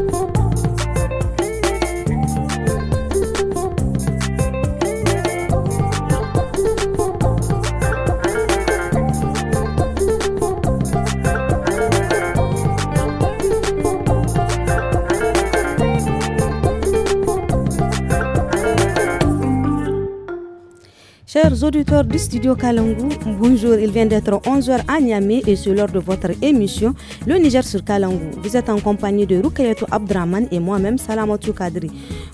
Thank you. du studio bonjour. Il vient d'être 11h à Niamey et c'est lors de votre émission Le Niger sur Kalangou. Vous êtes en compagnie de Rukayeto Abdraman et moi-même Salamatou Kadri.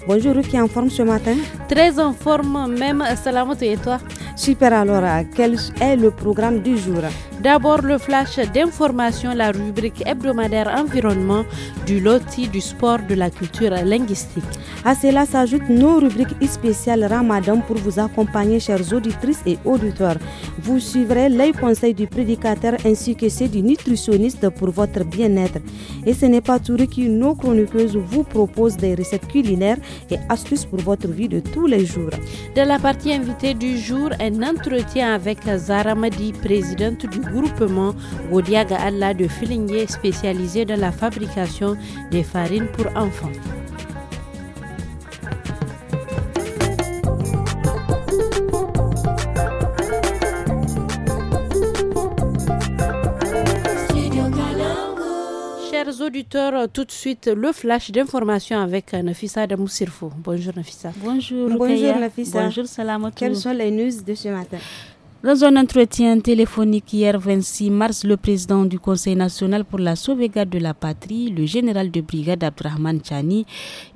Bonjour Ruki, en forme ce matin Très en forme, même Salamatou et toi Super, alors, quel est le programme du jour D'abord, le flash d'information, la rubrique hebdomadaire environnement, du loti, du sport, de la culture linguistique. À cela s'ajoutent nos rubriques spéciales Ramadan pour vous accompagner, chers auditrices et auditeurs. Vous suivrez les conseils du prédicateur ainsi que ceux du nutritionniste pour votre bien-être. Et ce n'est pas tout qui nos chroniqueuses vous proposent des recettes culinaires et astuces pour votre vie de tous les jours. De la partie invitée du jour, un entretien avec Zara Madi, présidente du groupement Godiaga Allah de Filingue, spécialisé dans la fabrication des farines pour enfants. auditeurs, euh, tout de suite, le flash d'information avec euh, Nafissa Damoussirfo. Bonjour Nafisa. Bonjour. Bonjour Nafissa. Bonjour Salamot. Quelles sont les news de ce matin dans un entretien téléphonique hier 26 mars, le président du Conseil national pour la sauvegarde de la patrie, le général de brigade Abdrahman Chani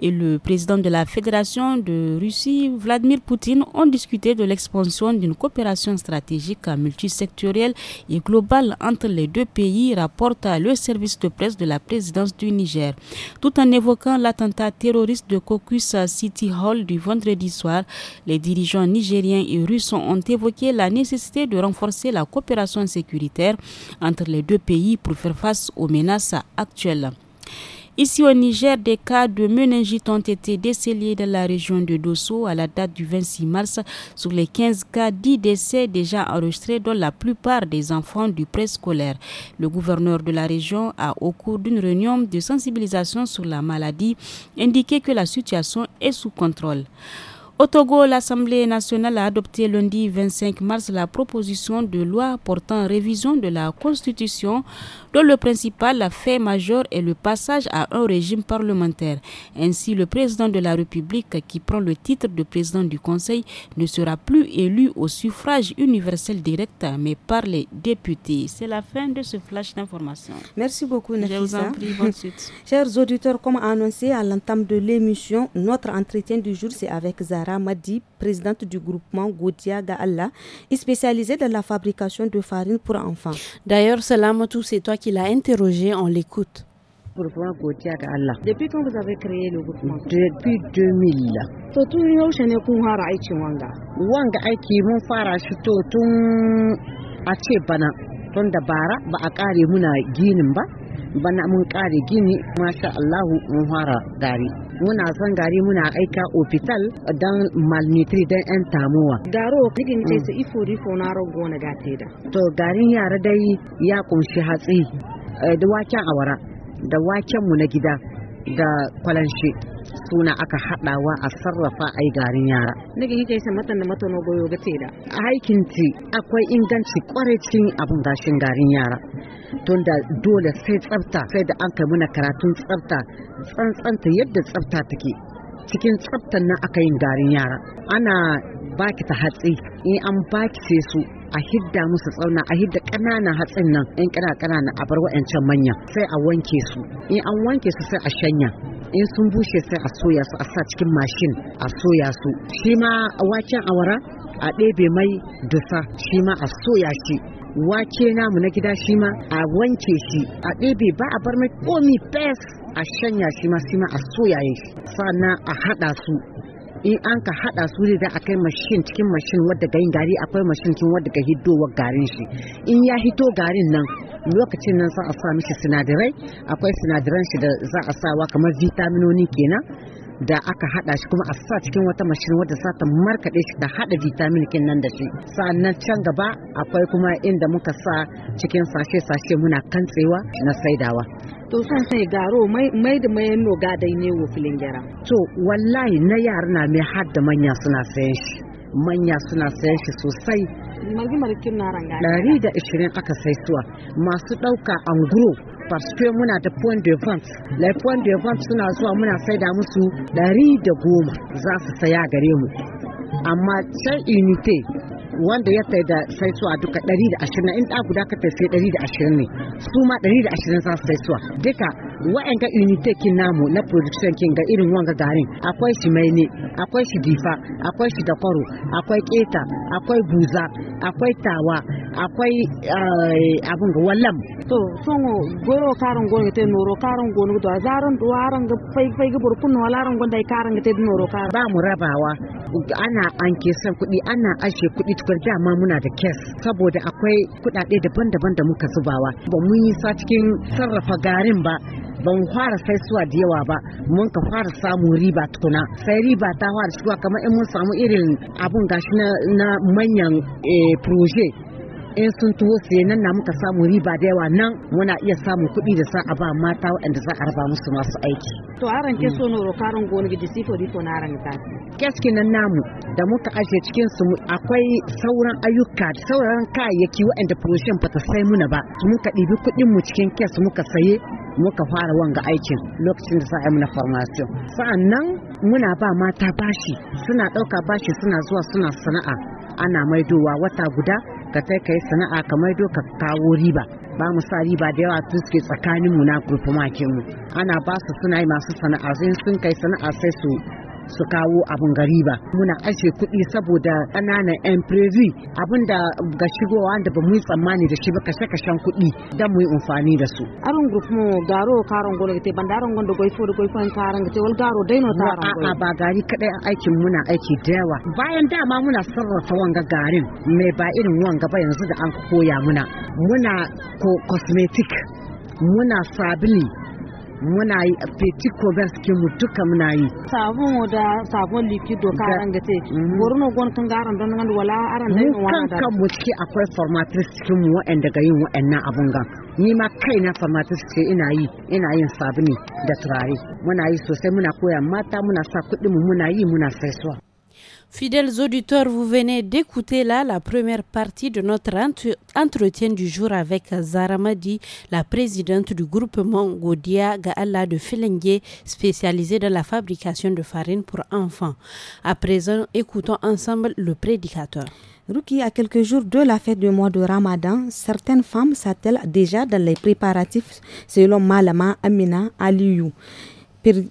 et le président de la Fédération de Russie, Vladimir Poutine, ont discuté de l'expansion d'une coopération stratégique multisectorielle et globale entre les deux pays, rapporte le service de presse de la présidence du Niger. Tout en évoquant l'attentat terroriste de Caucus City Hall du vendredi soir, les dirigeants nigériens et russes ont évoqué la nécessité de renforcer la coopération sécuritaire entre les deux pays pour faire face aux menaces actuelles. Ici au Niger, des cas de meningite ont été décelés dans la région de Dosso à la date du 26 mars. Sur les 15 cas, 10 décès déjà enregistrés, dont la plupart des enfants du préscolaire. Le gouverneur de la région a, au cours d'une réunion de sensibilisation sur la maladie, indiqué que la situation est sous contrôle. Au Togo, l'Assemblée nationale a adopté lundi 25 mars la proposition de loi portant révision de la Constitution dont le principal fait majeur est le passage à un régime parlementaire. Ainsi, le président de la République qui prend le titre de président du Conseil ne sera plus élu au suffrage universel direct mais par les députés. C'est la fin de ce flash d'informations. Merci beaucoup Nafisa. Je vous en prie, bonne suite. Chers auditeurs, comme annoncé à l'entame de l'émission, notre entretien du jour c'est avec Zara. Ramadi, Madi, présidente du groupement Goudia Gaalla, spécialisée dans la fabrication de farine pour enfants. D'ailleurs, Salamatou, c'est toi qui l'as interrogé, on l'écoute. Depuis quand vous avez créé le groupement Depuis 2000. bana mun kare gini masha Allahu mun fara gari muna son gari muna aika ofital dan malnitri dan yan tamuwa garo digin ce mm. su ifo rifo na rogo na da. to garin yara dai ya kunshi hatsi eh, da waken awara da waken mu na gida da kwalanshi. suna aka haɗawa a sarrafa ai garin yara nake kike sa matan matano goyo ga da aikin ti akwai inganci kwarai cikin abin gashin garin yara tunda dole sai tsafta sai da an kai muna karatun tsafta tsantsanta yadda tsafta take cikin tsaftan nan aka yin garin yara ana baki ta hatsi in an baki sai su a hidda musu tsauna a hidda ƙananan hatsin nan in ƙana ƙanana a bar wa'ancan manya sai a wanke su in an wanke su sai a shanya in sun bushe sai a soya su a sa cikin mashin a soya su shi ma waken awara a ɗebe mai dusa shi ma a soya shi wake namu na gida shi ma a wanke shi a ɗebe ba a bar mai komi pes a shanya shi ma shi ma a soya shi sannan a haɗa su in an ka hada su ne za a kai mashin cikin mashin wadda gayin gari akwai mashin cikin wadda ga hiddowar garin shi in ya hito garin nan lokacin nan za a sa mishi sinadarai akwai sinadaran shi da za a sawa kamar vitaminoni kenan da aka hada shi kuma a sa cikin wata mashin wadda za ta markaɗe shi da hada vitamin kin nan da shi sa'annan can gaba akwai kuma inda muka sa cikin sashe-sashe muna kantsewa na saidawa to san sai garo mai da mai ga gadai ne wo filin gyara to wallahi na yara na mai har da manya suna sayan shi manya suna sayan shi sosai na da ishirin aka suwa masu ɗauka anguro parce muna da point de vente like point de vente suna zuwa muna saida musu ɗari da goma za su saya gare mu amma can unité wanda ya saida sai suwa duka ashirin in da guda ka tafi ashirin ne su ma da ashirin za su sai suwa duka wa'anga unité kin namu na production kin ga irin wanga garin akwai shi mai ne akwai shi difa akwai shi da akwai keta akwai buza akwai tawa akwai eh, abin ga wallam to sun goro karan goro ta noro karin gonu to zaran do ga fai fai ga burkun no laran gonda karan ga te noro karin ba mu rabawa ana an san kuɗi ana ashe kuɗi tukar dama muna da kes saboda akwai kuɗaɗe daban-daban da muka zubawa ba mun yi sa cikin sarrafa garin ba ban fara sai suwa da yawa ba mun ka fara samun riba tukuna sai riba ta fara shigowa kamar in mun samu irin abun gashi na manyan eh, proje in sun tuwo siye nan na muka samu riba da yawa nan muna iya samun kuɗi da sa a ba mata waɗanda za a raba musu masu aiki. To aran ke mm. so noro karon goni gidi sifo di na aran ta. Keski nan namu da muka aje cikin su akwai sauran ayyuka da sauran kayayyaki waɗanda furoshin ba ta sai muna ba. Muka ɗibi kuɗin mu cikin kes muka saye muka fara wanga aikin lokacin da za a muna formation. Sa'an nan muna ba mata bashi suna ɗauka bashi suna zuwa suna sana'a ana maidowa wata guda ka ta ka sana'a kamar doka kawo riba ba mu sa riba da yawa tun suke tsakanin mu na gurfumakin mu ana ba su suna yi masu sana'a sun kai sana'a sai su su kawo abun gari ba muna ajiye kuɗi saboda ƙananan yan prairie abinda da ga shigowa da ba mu yi tsammani da shi ba kashe kashen kuɗi don mu yi amfani da su arun group mu garo karon gona te da gonda goifo da goifo en karon te wal garo daino taron a ba gari kadai aikin muna aiki da yawa bayan dama muna sarrafa wanga garin mai ba irin wanga ba yanzu da an koya muna muna cosmetic muna sabili muna yi a commerce ke mu duka muna yi sabon da sabon likido ka ran gate mhm. gorno ogon tun garan don nan wala aran da yin wala kan mu ciki akwai formatrice cikin mu wa'en daga yin wa'annan abun gan ni ma kai na formatrice ce ina yi ina yin sabuni da turare muna yi sosai muna koya mata muna sa kuɗin mu muna yi muna saisuwa Fidèles auditeurs, vous venez d'écouter là la première partie de notre entretien du jour avec Zara Madi, la présidente du groupement Godia Gaala de Felengue, spécialisée dans la fabrication de farine pour enfants. À présent, écoutons ensemble le prédicateur. Ruki, à quelques jours de la fête du mois de Ramadan, certaines femmes s'attellent déjà dans les préparatifs, selon Malama Amina Aliou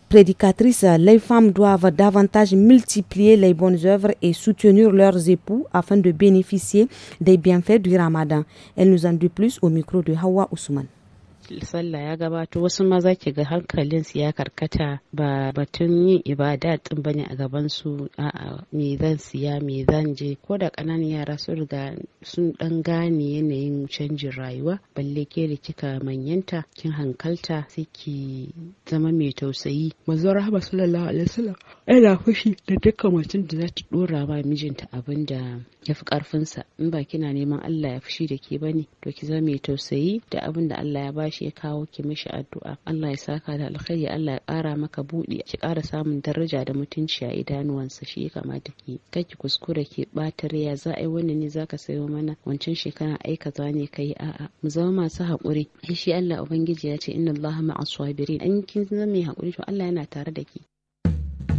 prédicatrice, les femmes doivent davantage multiplier les bonnes œuvres et soutenir leurs époux afin de bénéficier des bienfaits du ramadan. Elle nous en dit plus au micro de Hawa Ousmane. sallah ya gabato wasu maza ki ga hankalin su ya karkata ba batun yin ibada din bane a gaban su a'a me zan siya me zan je ko da kananan yara sun riga sun dan gane yanayin canjin rayuwa balle ke da kika manyanta kin hankalta sai ki zama mai tausayi manzon rahama sallallahu alaihi wasallam yana fushi da dukkan mutum da za ta dora ba mijinta abin da ya fi karfinsa in ba kina neman Allah ya fushi da ke ne? to ki zama mai tausayi da abin da Allah ya bashi ya kawo ki mishi addu'a Allah ya saka da alkhairi Allah ya kara maka buɗi ki kara samun daraja da mutunci a idanuwansa shi ya kamata ki kai ki kuskura ki bata riya za a yi wannan ne zaka sayo mana wancan shekara aika zane ne kai a'a mu zama masu haƙuri shi Allah ubangiji ya ce inna Allah ma'as sabirin in kin zama mai haƙuri to Allah yana tare da ki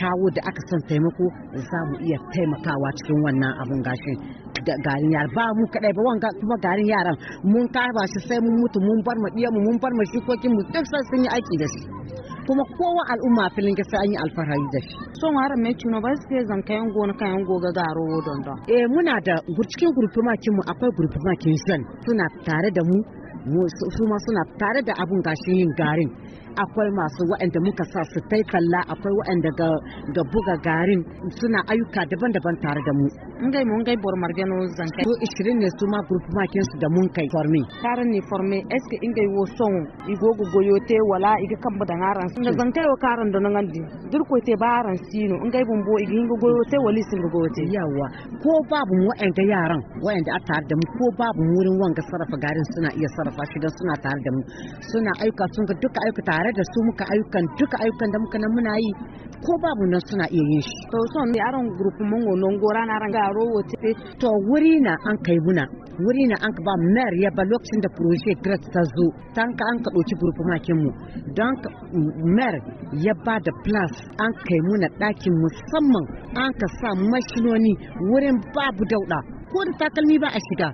kawo da aka son taimako za mu iya taimakawa cikin wannan abun gashin garin yara ba mu kadai ba wanga kuma garin yaran mun karba shi sai mun mutu mun bar mu mu mun bar mu shikokin mu duk sai sun yi aiki da shi kuma kowa al'umma filin sai an yi alfahari da shi son haram mai tuno ba su zan kayan gona kayan goga garo don don eh muna da cikin makin mu akwai makin zan suna tare da mu su ma suna tare da abun gashin yin garin akwai masu waɗanda muka sa su tai talla akwai waɗanda ga buga garin suna ayyuka daban-daban tare da mu mun gai mun gai bor margano zankai to 20 ne su ma group makin su da mun kai forme karan ne forme eske ingai wo son igogo te wala iga kamba da ngaran sun zankai wa karan da nan di dirko te baran sino ingai bumbo igin te wali sun te. yawa ko babu mu waɗanda yaran waɗanda a tare da mu ko babu mu wurin wanga sarrafa garin suna iya sarrafa shi suna tare da mu suna aika sun ga duka aika tare tare da su muka ayyukan duka ayyukan da muka nan muna yi ko babu nan suna iya yin shi to son ne aron group mun wonon gora na ran garo wote to wuri na an kai muna wuri na an ka ba mayor ya ba lokacin da project grad ta zo tan ka an ka doki group makin mu don mayor ya ba da plus an kai muna dakin musamman an ka sa mashinoni wurin babu dauda ko da takalmi ba a shiga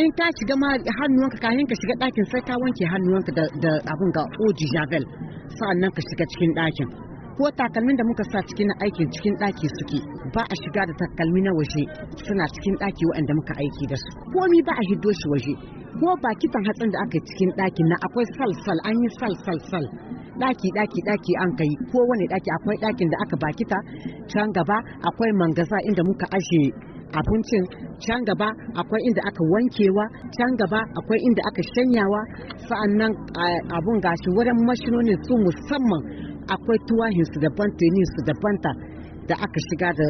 in ta shiga ma hannuwanka kafin ka shiga ɗakin sai ka wanke hannuwanka da abin ga oji javel sa'annan ka shiga cikin ɗakin ko takalmin da muka sa cikin aikin cikin ɗaki suke ba a shiga da takalmi na waje suna cikin ɗaki waɗanda muka aiki da su komi ba a hiddo shi waje ko ba kitan hatsin da aka yi cikin ɗakin na akwai sal-sal an yi sal-sal-sal daki daki daki an kai ko wani daki akwai ɗakin da aka bakita can gaba akwai mangaza inda muka ajiye. abincin can gaba akwai inda aka wankewa can gaba akwai inda aka shanyawa sa'annan eh, abun gashi wurin mashinonin su musamman akwai tuwahinsu daban teninsu daban ta da aka shiga da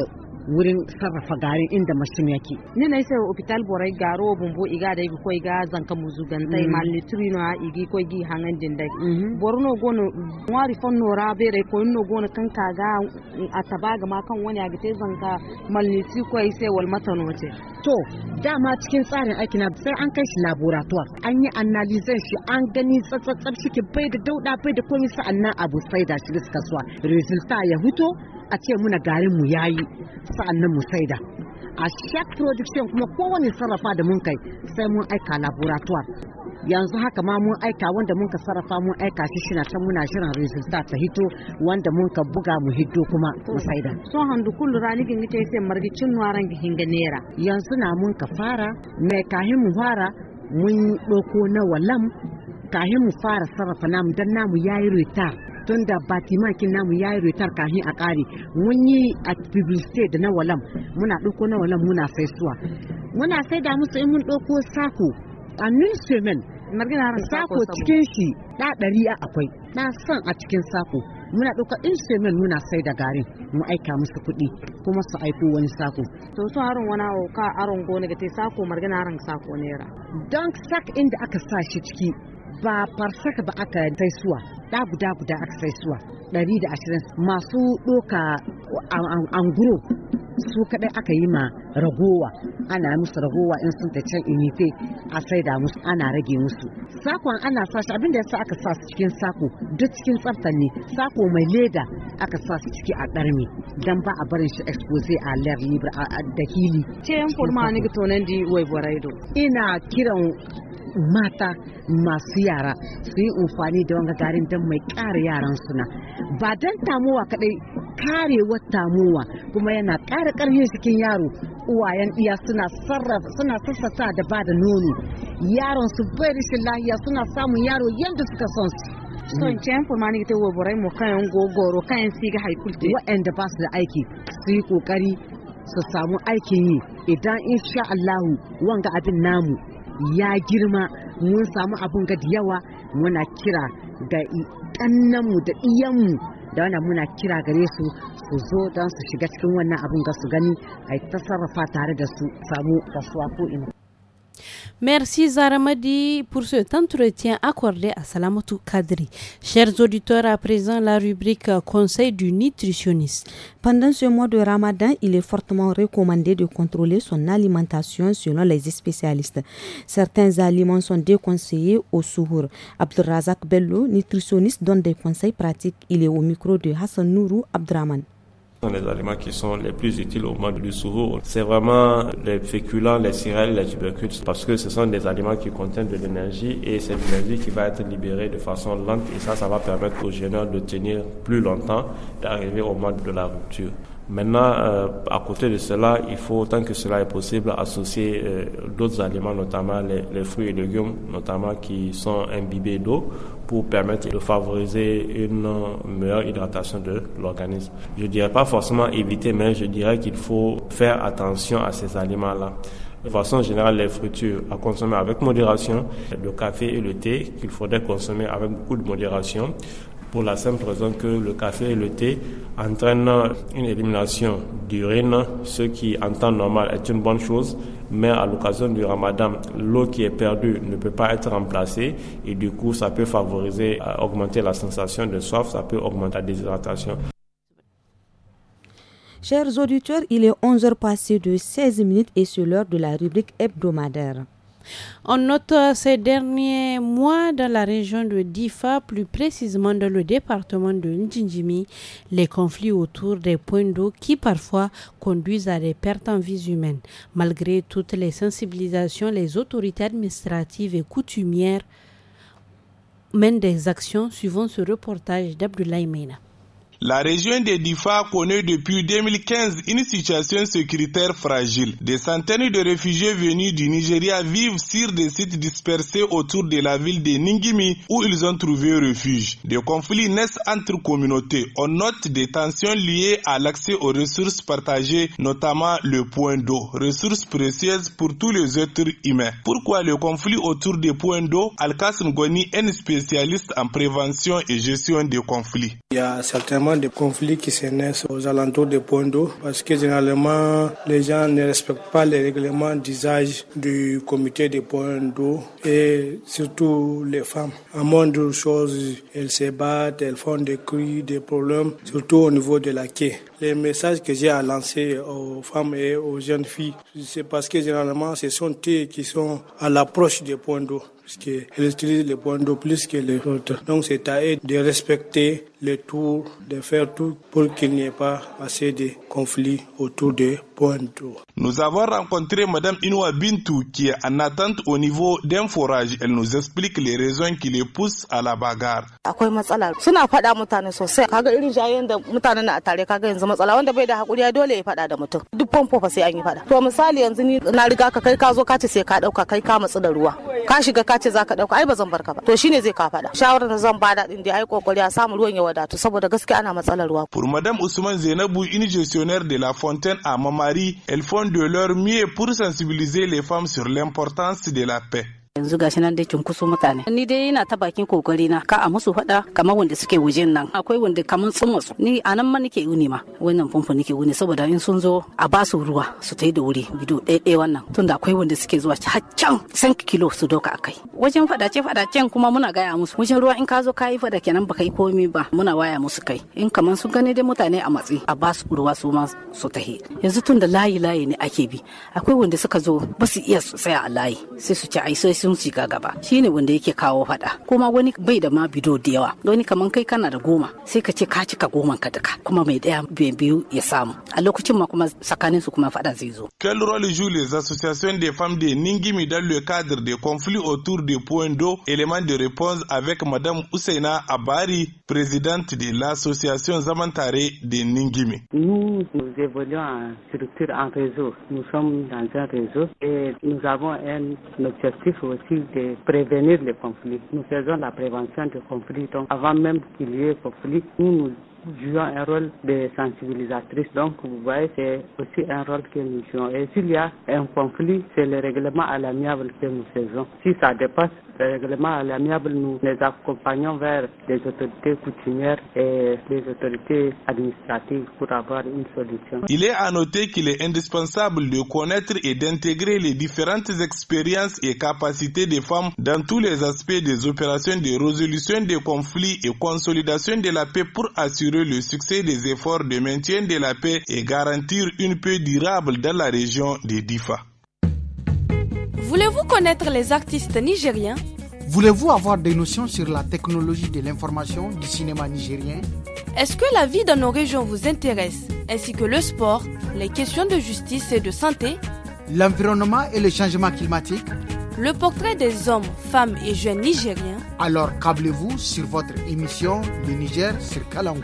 wurin sarrafa garin inda mashin yake ni na isa hospital borai garo bumbu iga da ibi koi ga zanka muzu gantai malitri mm-hmm. no igi koi gi hangan dindai. Mm-hmm. borno gono wari fon no re ko no gono kan kaga mm, ataba ga ma kan wani agite zanka malitri koi sai wal matano ce to dama cikin tsarin aiki na sai an kai shi laboratoire an yi analysis shi an gani tsatsatsar shi ke bai da dauda bai da komai sa'annan abu sai da shi suka suwa resulta ya huto a ce muna garin mu yayi sa'annan mu saida a shek production kuma kowane sarrafa da mun kai sai mun aika laboratoire yanzu haka ma mun aika wanda mun ka sarrafa mun aika shi shi can muna shirin resultat ta hito wanda mun ka buga mu hiddo kuma mu saida so handu kullu rani gin ita yace margicin nuwaran gihin ganera yanzu na mun ka fara mai kahin mu fara mun doko na walam kahin mu fara sarrafa namu dan namu yayi rita tun da batimakin namu ya yi retar kahin a kare mun yi a publicity da na walam muna ɗauko na walam muna sai suwa muna sai da musu in mun ɗauko sako a newswomen sako cikin shi ɗa ɗari akwai na son a cikin sako muna ɗauka semen muna sai da garin mu aika musu kuɗi kuma su aiko wani sako. to su harin wani ka aron gona ga te sako margina harin sako nera. don sak inda aka sa shi ciki ba farsaka ba aka sai suwa da guda guda aka sai suwa ashirin masu doka anguro su kadai aka yi ma ragowa ana musu ragowa in sun can inife a saida musu ana rage musu sakon ana sa shi abinda sa aka sa su cikin sako duk cikin tsaftan ne sako mai leda aka sa su ciki a ɗarmi dan ba a barin shi expose a ler libre a dakili ce yan forma ni ga di wai ina kiran mata masu yara su yi amfani da wanga garin don mai ƙara yaran suna ba don tamuwa kaɗai karewar tamuwa kuma yana kare karfin cikin yaro uwayen iya suna sarrafa suna sassasa da ba da nono yaron su bai rishin lahiya suna samun yaro yadda suka son su son cen fulmani ta waburai mu kayan gogoro kayan siga haikulte waɗanda ba su da aiki su yi kokari su samu aikin yi idan insha Allahu wanga abin namu ya girma mun samu abun ga da yawa muna kira ga ɗannanmu da iyanmu da wannan muna kira gare su su zo don su shiga cikin wannan abun ga su gani a ta sarrafa tare da su samu kasuwa ko ina Merci Zaramadi pour cet entretien accordé à Salamotou Kadri. Chers auditeurs, à présent la rubrique Conseil du nutritionniste. Pendant ce mois de Ramadan, il est fortement recommandé de contrôler son alimentation selon les spécialistes. Certains aliments sont déconseillés au souhour. Abdelrazak Bello, nutritionniste, donne des conseils pratiques. Il est au micro de Hassan Nourou Abdraman les aliments qui sont les plus utiles au monde du sourd. C'est vraiment les féculents, les céréales, les tubercules, parce que ce sont des aliments qui contiennent de l'énergie et cette énergie qui va être libérée de façon lente et ça, ça va permettre aux jeunes de tenir plus longtemps, d'arriver au mode de la rupture. Maintenant, euh, à côté de cela, il faut, tant que cela est possible, associer euh, d'autres aliments, notamment les, fruits et légumes, notamment qui sont imbibés d'eau, pour permettre de favoriser une meilleure hydratation de l'organisme. Je dirais pas forcément éviter, mais je dirais qu'il faut faire attention à ces aliments-là. De façon générale, les fruitures à consommer avec modération, le café et le thé qu'il faudrait consommer avec beaucoup de modération, pour la simple raison que le café et le thé entraînent une élimination d'urine, ce qui en temps normal est une bonne chose, mais à l'occasion du ramadan, l'eau qui est perdue ne peut pas être remplacée et du coup ça peut favoriser, euh, augmenter la sensation de soif, ça peut augmenter la déshydratation. Chers auditeurs, il est 11h passé de 16 minutes et c'est l'heure de la rubrique hebdomadaire. On note euh, ces derniers mois dans la région de Difa, plus précisément dans le département de Ndjindjimi, les conflits autour des points d'eau qui parfois conduisent à des pertes en vies humaines. Malgré toutes les sensibilisations, les autorités administratives et coutumières mènent des actions suivant ce reportage d'Abdoulaye Mena. La région de Difa connaît depuis 2015 une situation sécuritaire fragile. Des centaines de réfugiés venus du Nigeria vivent sur des sites dispersés autour de la ville de Ningimi où ils ont trouvé refuge. Des conflits naissent entre communautés. On note des tensions liées à l'accès aux ressources partagées, notamment le point d'eau, ressource précieuse pour tous les êtres humains. Pourquoi le conflit autour des points d'eau Alkas Ngoni est un spécialiste en prévention et gestion des conflits. Il y a certainement des conflits qui se naissent aux alentours des points d'eau parce que généralement les gens ne respectent pas les règlements d'usage du comité des points d'eau et surtout les femmes. En de choses, elles se battent, elles font des cris, des problèmes, surtout au niveau de la quai. Les messages que j'ai à lancer aux femmes et aux jeunes filles, c'est parce que généralement ce sont elles qui sont à l'approche des points d'eau puisqu'elles utilisent les points d'eau plus que les autres. Donc c'est à eux de respecter les tours de faire tout pour qu'il n'y ait pas assez de conflits autour de Pointo. Nous avons rencontré Madame Inoua Bintou qui est en attente au niveau d'un forage. Elle nous explique les raisons qui les poussent à Akwai matsala suna faɗa mutane sosai kaga irin jayen da mutanen na a tare kaga yanzu matsala wanda bai da hakuri ya dole ya faɗa da mutum duk famfo fa sai an yi faɗa. To misali yanzu ni na riga ka kai ka zo ka ce sai ka ɗauka kai ka matsu da ruwa ka shiga ka ce za ka ɗauka ai ba zan barka ba to shine zai ka faɗa shawarar da zan bada din dai ai kokari a samu ruwan ya wadatu saboda gaskiya Pour Madame Ousmane Zenabou, une gestionnaire de la fontaine à Mamari, elles font de leur mieux pour sensibiliser les femmes sur l'importance de la paix. yanzu gashi nan dai cunkusu mutane ni dai ina ta bakin kokari na ka a musu fada kamar wanda suke wajen nan akwai wanda kamar sun ni a nan ma nake yuni ma wannan famfo nake yuni saboda in sun zo a ba su ruwa su tai da wuri bido ɗaya ɗaya wannan tunda akwai wanda suke zuwa can san kilo su doka akai wajen fadace fadacen kuma muna gaya musu wajen ruwa in ka zo ka yi fada kenan baka yi komai ba muna waya musu kai in kamar sun gani dai mutane a matsi a ba su ruwa su ma su tahi yanzu tunda layi layi ne ake bi akwai wanda suka zo ba su iya tsaya a layi sai su ci ai sai sun shiga gaba shine wanda yake kawo fada kuma wani bai da ma bido da yawa wani kaman kai kana da goma sai ka ce ka cika goman ka duka kuma mai daya bai biyu ya samu a lokacin ma kuma tsakanin su kuma fada zai zo quel rôle joue les associations des femmes de Ningimi dans le cadre des conflits autour des points d'eau élément de réponse avec madame Ousseina Abari présidente de l'association Zamantare de Ningimi nous nous évoluons en structure en réseau nous sommes dans un réseau et nous avons un objectif au de prévenir les conflits. Nous faisons la prévention des conflits, donc avant même qu'il y ait conflit, nous nous jouant un rôle de sensibilisatrice. Donc, vous voyez, c'est aussi un rôle que nous jouons. Et s'il y a un conflit, c'est le règlement à l'amiable que nous faisons. Si ça dépasse le règlement à l'amiable, nous les accompagnons vers les autorités coutumières et les autorités administratives pour avoir une solution. Il est à noter qu'il est indispensable de connaître et d'intégrer les différentes expériences et capacités des femmes dans tous les aspects des opérations de résolution des conflits et consolidation de la paix pour assurer le succès des efforts de maintien de la paix et garantir une paix durable dans la région des Difa. Voulez-vous connaître les artistes nigériens Voulez-vous avoir des notions sur la technologie de l'information du cinéma nigérien Est-ce que la vie dans nos régions vous intéresse, ainsi que le sport, les questions de justice et de santé L'environnement et le changement climatique Le portrait des hommes, femmes et jeunes nigériens Alors câblez-vous sur votre émission du Niger sur Kalangou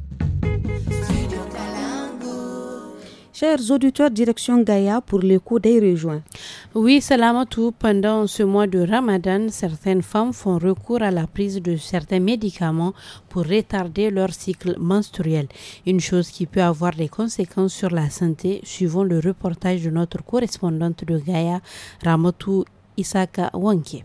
Chers auditeurs, direction Gaïa pour l'écho des rejoints. Oui, tout pendant ce mois de Ramadan, certaines femmes font recours à la prise de certains médicaments pour retarder leur cycle menstruel, une chose qui peut avoir des conséquences sur la santé, suivant le reportage de notre correspondante de Gaïa, Ramatou Isaka Wanke.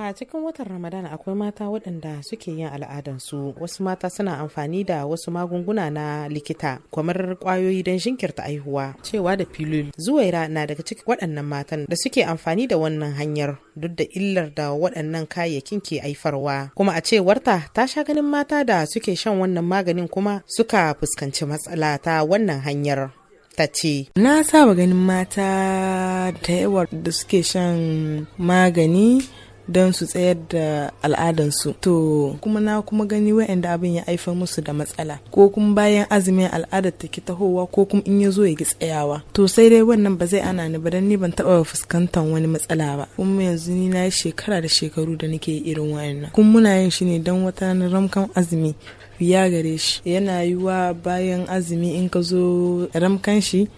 a cikin watan ramadan akwai mata waɗanda suke yin al'adansu wasu mata suna amfani da wasu magunguna na likita kamar kwayoyi don shinkirta aihuwa cewa da filul zuwaira na daga cikin waɗannan matan da suke amfani da wannan hanyar duk da illar da waɗannan kayayyakin ke aifarwa kuma a cewarta ta sha ganin mata da suke shan wannan maganin kuma suka fuskanci matsala ta wannan hanyar ta ce. Na saba ganin mata da yawa da suke shan magani don su tsayar da al'adansu to kuma na kuma gani da abin ya aifar musu da matsala ko kuma bayan azumin al'adar ta ki tahowa ko kuma in ya zo ya ki tsayawa to sai dai wannan ba zai ana ni ba dan ni ban taba fuskantar wani matsala ba kuma yanzu ni na shekara da shekaru da nake irin wa'annan kuma muna yin shi ne dan wata ramkan azumi biya gare shi yana yiwa bayan azumi in ka zo ramkan shi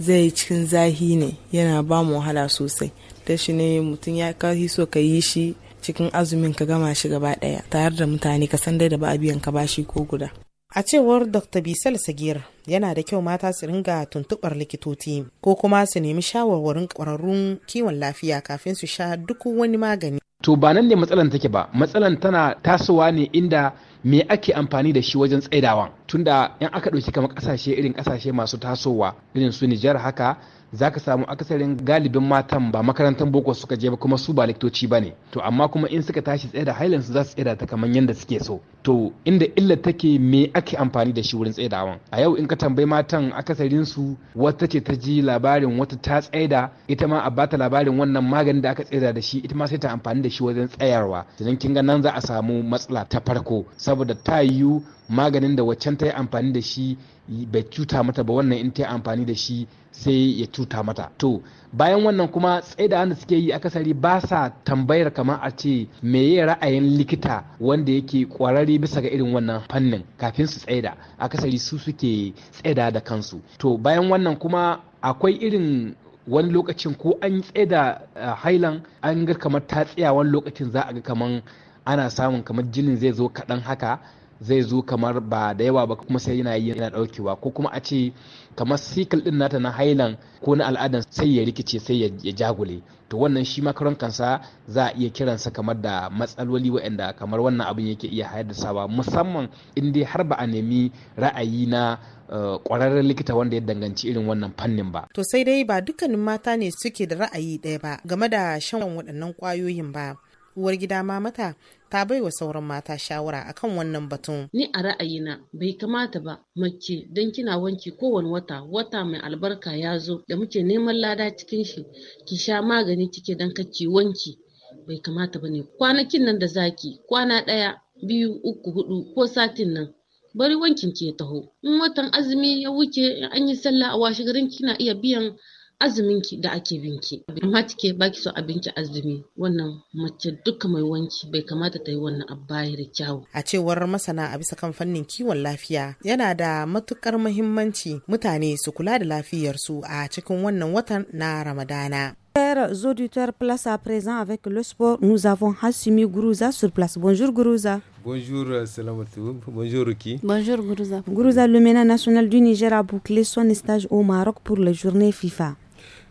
zai cikin zahi ne yana ba mu wahala sosai da shi ne mutum ya kai so ka yi shi cikin azumin ka gama shi gaba daya tare da mutane ka san dai da ba a biyan ka bashi ko guda a cewar dr bisal sagir yana da kyau mata su ringa tuntubar likitoci ko kuma su nemi shawarwarin kwararrun kiwon lafiya kafin su sha duk wani magani to ba nan ne matsalan take ba matsalan tana tasowa ne inda me ake amfani da shi wajen tsaidawa tunda yan aka ɗauki kamar ƙasashe irin ƙasashe masu tasowa irin su nijar haka Za ka samu akasarin galibin matan ba makarantar boko suka je ba kuma su ba likitoci ba ne. to amma kuma in suka tashi tsaye da hailansu za su tsaye ta kamar yadda suke so to inda illa take me ake amfani da shi wurin tsaidawan a yau in ka tambayi matan akasarin su wata ce ta ji labarin wata ta tsaida ita ma a bata labarin wannan maganin da aka tsaida da shi ita ma sai ta amfani da shi wajen tsayarwa sannan kin ga nan za a samu matsala ta farko saboda ta yiwu maganin da waccan ta yi amfani da shi bai cuta mata ba wannan in ta amfani da shi sai ya cuta mata to bayan wannan kuma tsaida da suke yi akasari ba sa tambayar kamar a ce me ya ra'ayin likita wanda yake kwararre bisa ga irin wannan fannin kafin su tsaida akasari su suke tsaida da kansu to bayan wannan kuma akwai irin wani lokacin ko an tsaida hailan an ga kamar ta tsaya wani lokacin za a ga kamar ana samun kamar jinin zai zo kaɗan haka zai zo kamar ba da yawa ba kuma sai yana yi yana daukewa ko kuma a ce kamar sikil din nata na hailan ko na al'adan sai ya rikice sai ya jagule to wannan shi makaron kansa za a iya kiransa kamar da matsaloli waɗanda kamar wannan abin yake iya haddasawa musamman in dai har ba a nemi ra'ayi na kwararren eh, likita wanda ya danganci irin wannan fannin ba. To sai dai ba dukkanin mata ne suke da ra'ayi ɗaya ba game da shan waɗannan ƙwayoyin ba. Uwar gida ma mata ta baiwa sauran mata shawara akan wannan batun. Ni a ra'ayina bai kamata ba mace don kina wanki kowane wata wata mai albarka ya zo da muke neman lada cikin shi ki sha magani cike don kake wanki bai kamata ba ne kwanakin nan da zaki kwana ɗaya biyu uku hudu ko satin nan bari wankin ke taho in watan azumi ya wuce in an yi sallah a washe garin kina iya biyan azumin ki da ake binki amma kike baki so abinci azumi wannan mace duka mai wanki bai kamata ta yi wannan abu da kyawu a cewar masana a bisa kan fannin kiwon lafiya yana da matukar muhimmanci mutane su kula da lafiyarsu a cikin wannan watan na ramadana Chers auditeurs, place à présent avec le sport. Nous avons Hassimi Gourouza sur place. Bonjour Gourouza. Bonjour euh, Salamatou. Bonjour Ruki. Bonjour Gourouza. Gourouza, le MENA national du Niger a bouclé son stage au Maroc pour les journées FIFA.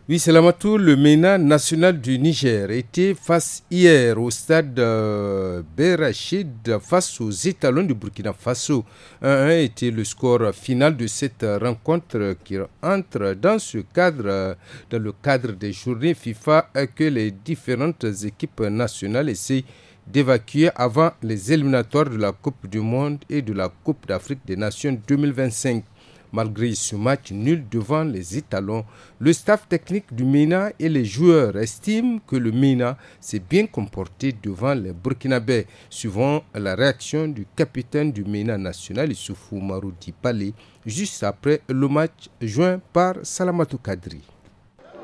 Oui, Salamatou, le MENA national du Niger était face hier au stade euh, Berachid face aux étalons du Burkina Faso. 1-1 était le score final de cette rencontre qui entre dans ce cadre, euh, dans le cadre des journées FIFA que les différentes équipes nationales essaient d'évacuer avant les éliminatoires de la Coupe du Monde et de la Coupe d'Afrique des Nations 2025. Malgré ce match nul devant les Étalons, le staff technique du MENA et les joueurs estiment que le MENA s'est bien comporté devant les Burkinabés, suivant la réaction du capitaine du MENA national Issoufou Maroudi Palé juste après le match joint par Salamatou Kadri.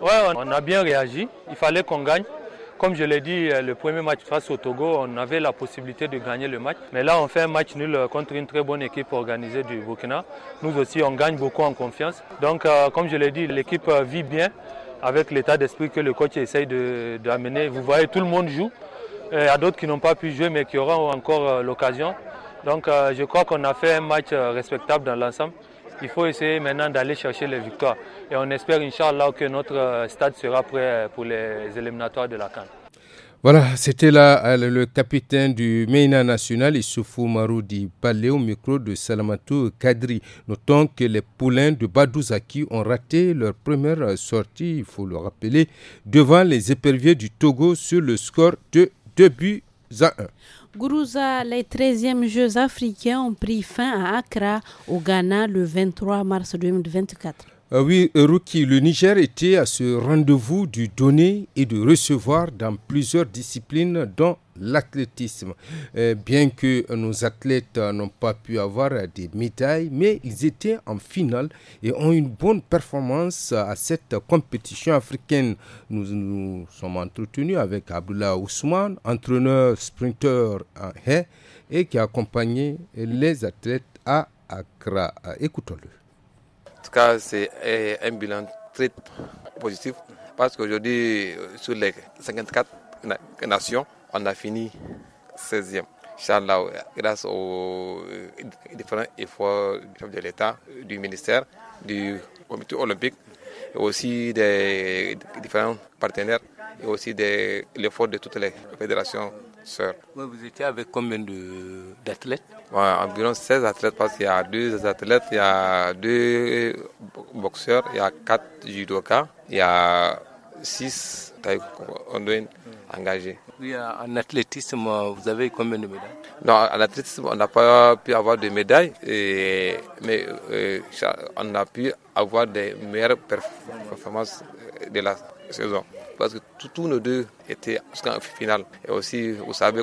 on a bien réagi. Il fallait qu'on gagne. Comme je l'ai dit, euh, le premier match face au Togo, on avait la possibilité de gagner le match. Mais là, on fait un match nul euh, contre une très bonne équipe organisée du Burkina. Nous aussi, on gagne beaucoup en confiance. Donc, euh, comme je l'ai dit, l'équipe vit bien avec l'état d'esprit que le coach essaye d'amener. Vous voyez, tout le monde joue. Il y a d'autres qui n'ont pas pu jouer, mais qui auront encore l'occasion. Donc, je crois qu'on a fait un match respectable dans l'ensemble il faut essayer maintenant d'aller chercher les victoires. Et on espère, Inch'Allah, que notre euh, stade sera prêt pour les éliminatoires de la Cannes. Voilà, c'était là euh, le capitaine du Meina national, Issoufou Maroudi Palé, au micro de Salamatou Kadri. Notons que les poulains de Badouzaki ont raté leur première euh, sortie, il faut le rappeler, devant les éperviers du Togo sur le score de 2 buts à 1. Gourouza, les 13e Jeux africains ont pris fin à Accra, au Ghana, le 23 mars 2024. Euh, oui, euh, rookie le Niger était à ce rendez-vous du donner et de recevoir dans plusieurs disciplines, dont l'athlétisme. Euh, bien que nos athlètes n'ont pas pu avoir des médailles, mais ils étaient en finale et ont une bonne performance à cette compétition africaine. Nous nous sommes entretenus avec Abdullah Ousmane, entraîneur sprinteur en haie et qui a accompagné les athlètes à Accra. Écoutons-le tout cas, c'est un bilan très positif parce qu'aujourd'hui, sur les 54 nations, on a fini 16e. Inch'Allah, grâce aux euh, différents efforts du chef de l'État, du ministère, du comité olympique, et aussi des différents partenaires, et aussi de l'effort de toutes les fédérations vous étiez avec combien d'athlètes Environ 16 athlètes, parce qu'il y a deux athlètes, il y a deux boxeurs, il y a quatre judokas, il y a six taekwondoïnes engagés. Oui, en athlétisme, vous avez combien de médailles Non, en athlétisme, on n'a pas pu avoir de médailles, et, mais euh, on a pu avoir des meilleures performances de la saison parce que tous nos deux étaient jusqu'en finale. Et aussi, vous savez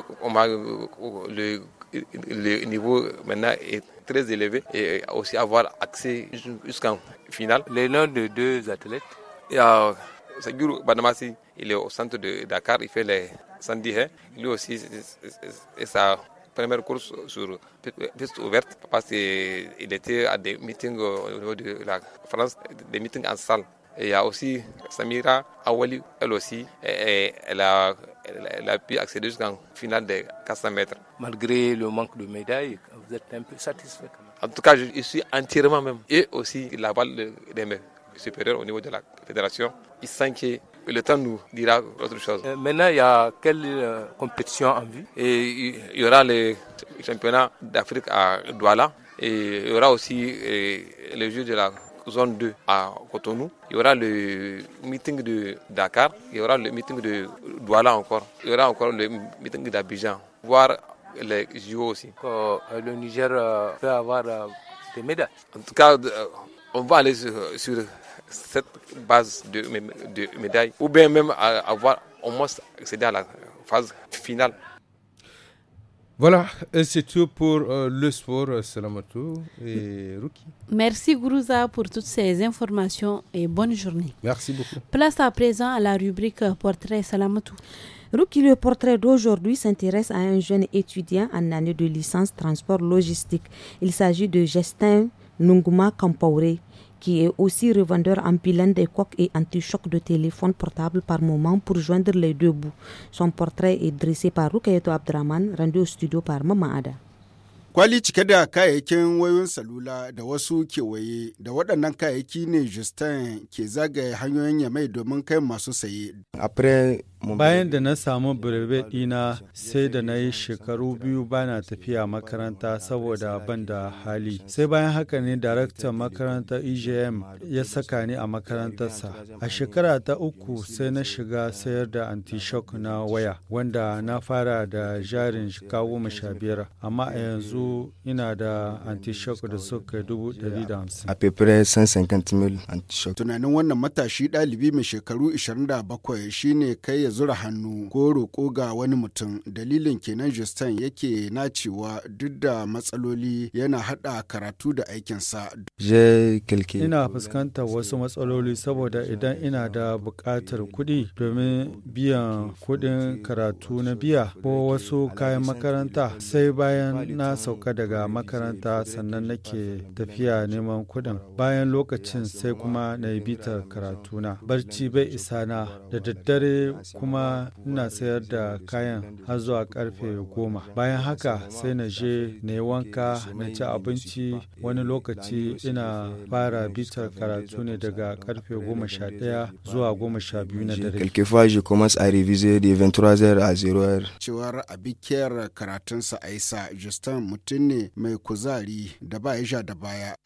le, niveau maintenant est très élevé et aussi avoir accès jusqu'en finale. Les noms de deux athlètes Il y il est au centre de Dakar, il fait les 110 hein. Lui aussi, c'est sa première course sur piste ouverte parce qu'il était à des meetings au niveau de la France, des meetings en salle il y a aussi Samira Awali, elle aussi, et, elle, a, a, pu accéder jusqu'en finale des 400 mètres. Malgré le manque de médailles, vous êtes un peu satisfait En tout cas, je, suis entièrement même. Et aussi la balle des mains supérieurs au niveau de la fédération. Il sent et le temps nous dira autre chose. Euh, maintenant, il y a quelle euh, compétition en vue Et il y aura le championnat d'Afrique à Douala. Et il y aura aussi les Jeux de la zone 2 à Cotonou. Il y aura le meeting de Dakar, il y aura le meeting de Douala encore, il y aura encore le meeting d'Abidjan, voire les JO aussi. Euh, le Niger euh, peut avoir euh, des médailles. En tout cas, on va aller sur, cette base de, de médailles, ou bien même avoir au moins accéder à la phase finale. Voilà, c'est tout pour euh, le sport. Euh, Salamatou et Ruki. Merci Gourouza pour toutes ces informations et bonne journée. Merci beaucoup. Place à présent à la rubrique Portrait Salamatou. Ruki, le portrait d'aujourd'hui s'intéresse à un jeune étudiant en année de licence transport logistique. Il s'agit de Justin Nunguma Kampaure qui est aussi revendeur en des coques et anti-chocs de téléphone portable par moment pour joindre les deux bouts. Son portrait est dressé par Rukayeto Abdraman, rendu au studio par Mama Ada. Kwali cike da kayayyakin wayoyin salula da wasu kewaye da waɗannan kayayyaki ne Justin ke zagaye hanyoyin yamai domin kai masu saye. Bayan da na samu birbe ɗina sai da na yi shekaru biyu bana tafiya makaranta saboda ban da hali. Sai bayan haka ne daraktan makarantar EJM ya saka ni a makarantarsa. A shekara ta uku sai na shiga sayar da antishok na waya wanda na fara da jarin kawo mashabiyar amma a yanzu ina da antishock da suka dubu dari da hamsin. A pepere 150 mil antishock. Tunanin wannan matashi ɗalibi mai shekaru 27 shine kai ya zura hannu ko roƙo ga wani mutum. Dalilin kenan Justin yake na cewa duk da matsaloli yana haɗa karatu da aikinsa. Ina fuskantar wasu matsaloli saboda idan ina da buƙatar kuɗi domin biyan kuɗin karatu na biya ko wasu kayan makaranta sai bayan na sauka. sauka daga makaranta sannan nake tafiya neman kuɗin bayan lokacin sai kuma na yi bitar karatuna barci bai isa na da daddare kuma ina sayar da kayan har zuwa karfe goma bayan haka sai na je na yi wanka na ci abinci wani lokaci ina fara bitar karatu ne daga karfe goma sha ɗaya zuwa goma sha biyu na dare cewar a bikiyar karatunsa aisa justin mutum ne mai kuzari da ba ya da baya.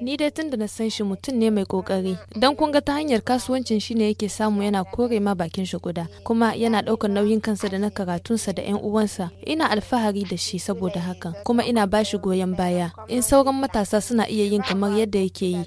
Ni dai tun da na san shi mutum ne mai kokari. don kun ga ta hanyar kasuwancin shi ne yake samu yana kore ma bakin shi guda kuma yana ɗaukar nauyin kansa da na karatunsa da 'yan uwansa. Ina alfahari da shi saboda hakan kuma ina bashi goyon baya. In sauran matasa suna iya yin kamar yadda yake yi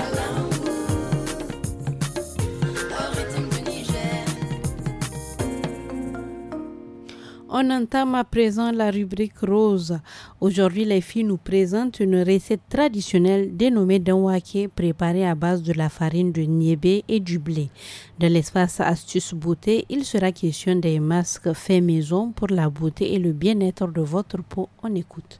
On entame à présent la rubrique rose. Aujourd'hui, les filles nous présentent une recette traditionnelle dénommée Danwake, préparée à base de la farine de niébé et du blé. Dans l'espace astuce beauté, il sera question des masques faits maison pour la beauté et le bien-être de votre peau. On écoute.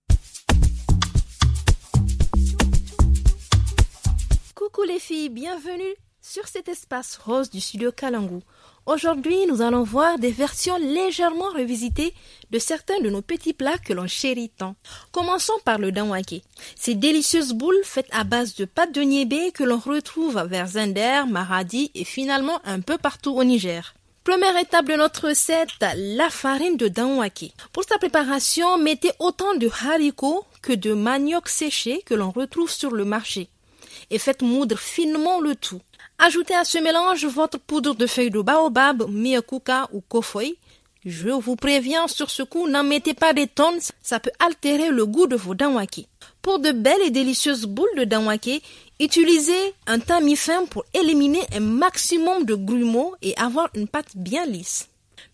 Coucou les filles, bienvenue sur cet espace rose du studio Kalangu. Aujourd'hui, nous allons voir des versions légèrement revisitées de certains de nos petits plats que l'on chérit tant. Commençons par le danwake. Ces délicieuses boules faites à base de pâte de niébé que l'on retrouve vers Zender, Maradi et finalement un peu partout au Niger. Première étape de notre recette, la farine de danwake. Pour sa préparation, mettez autant de haricots que de manioc séché que l'on retrouve sur le marché et faites moudre finement le tout. Ajoutez à ce mélange votre poudre de feuilles de baobab, miyakuka ou kofoi. Je vous préviens sur ce coup, n'en mettez pas des tonnes, ça peut altérer le goût de vos danwaki. Pour de belles et délicieuses boules de danwaki, utilisez un tamis fin pour éliminer un maximum de grumeaux et avoir une pâte bien lisse.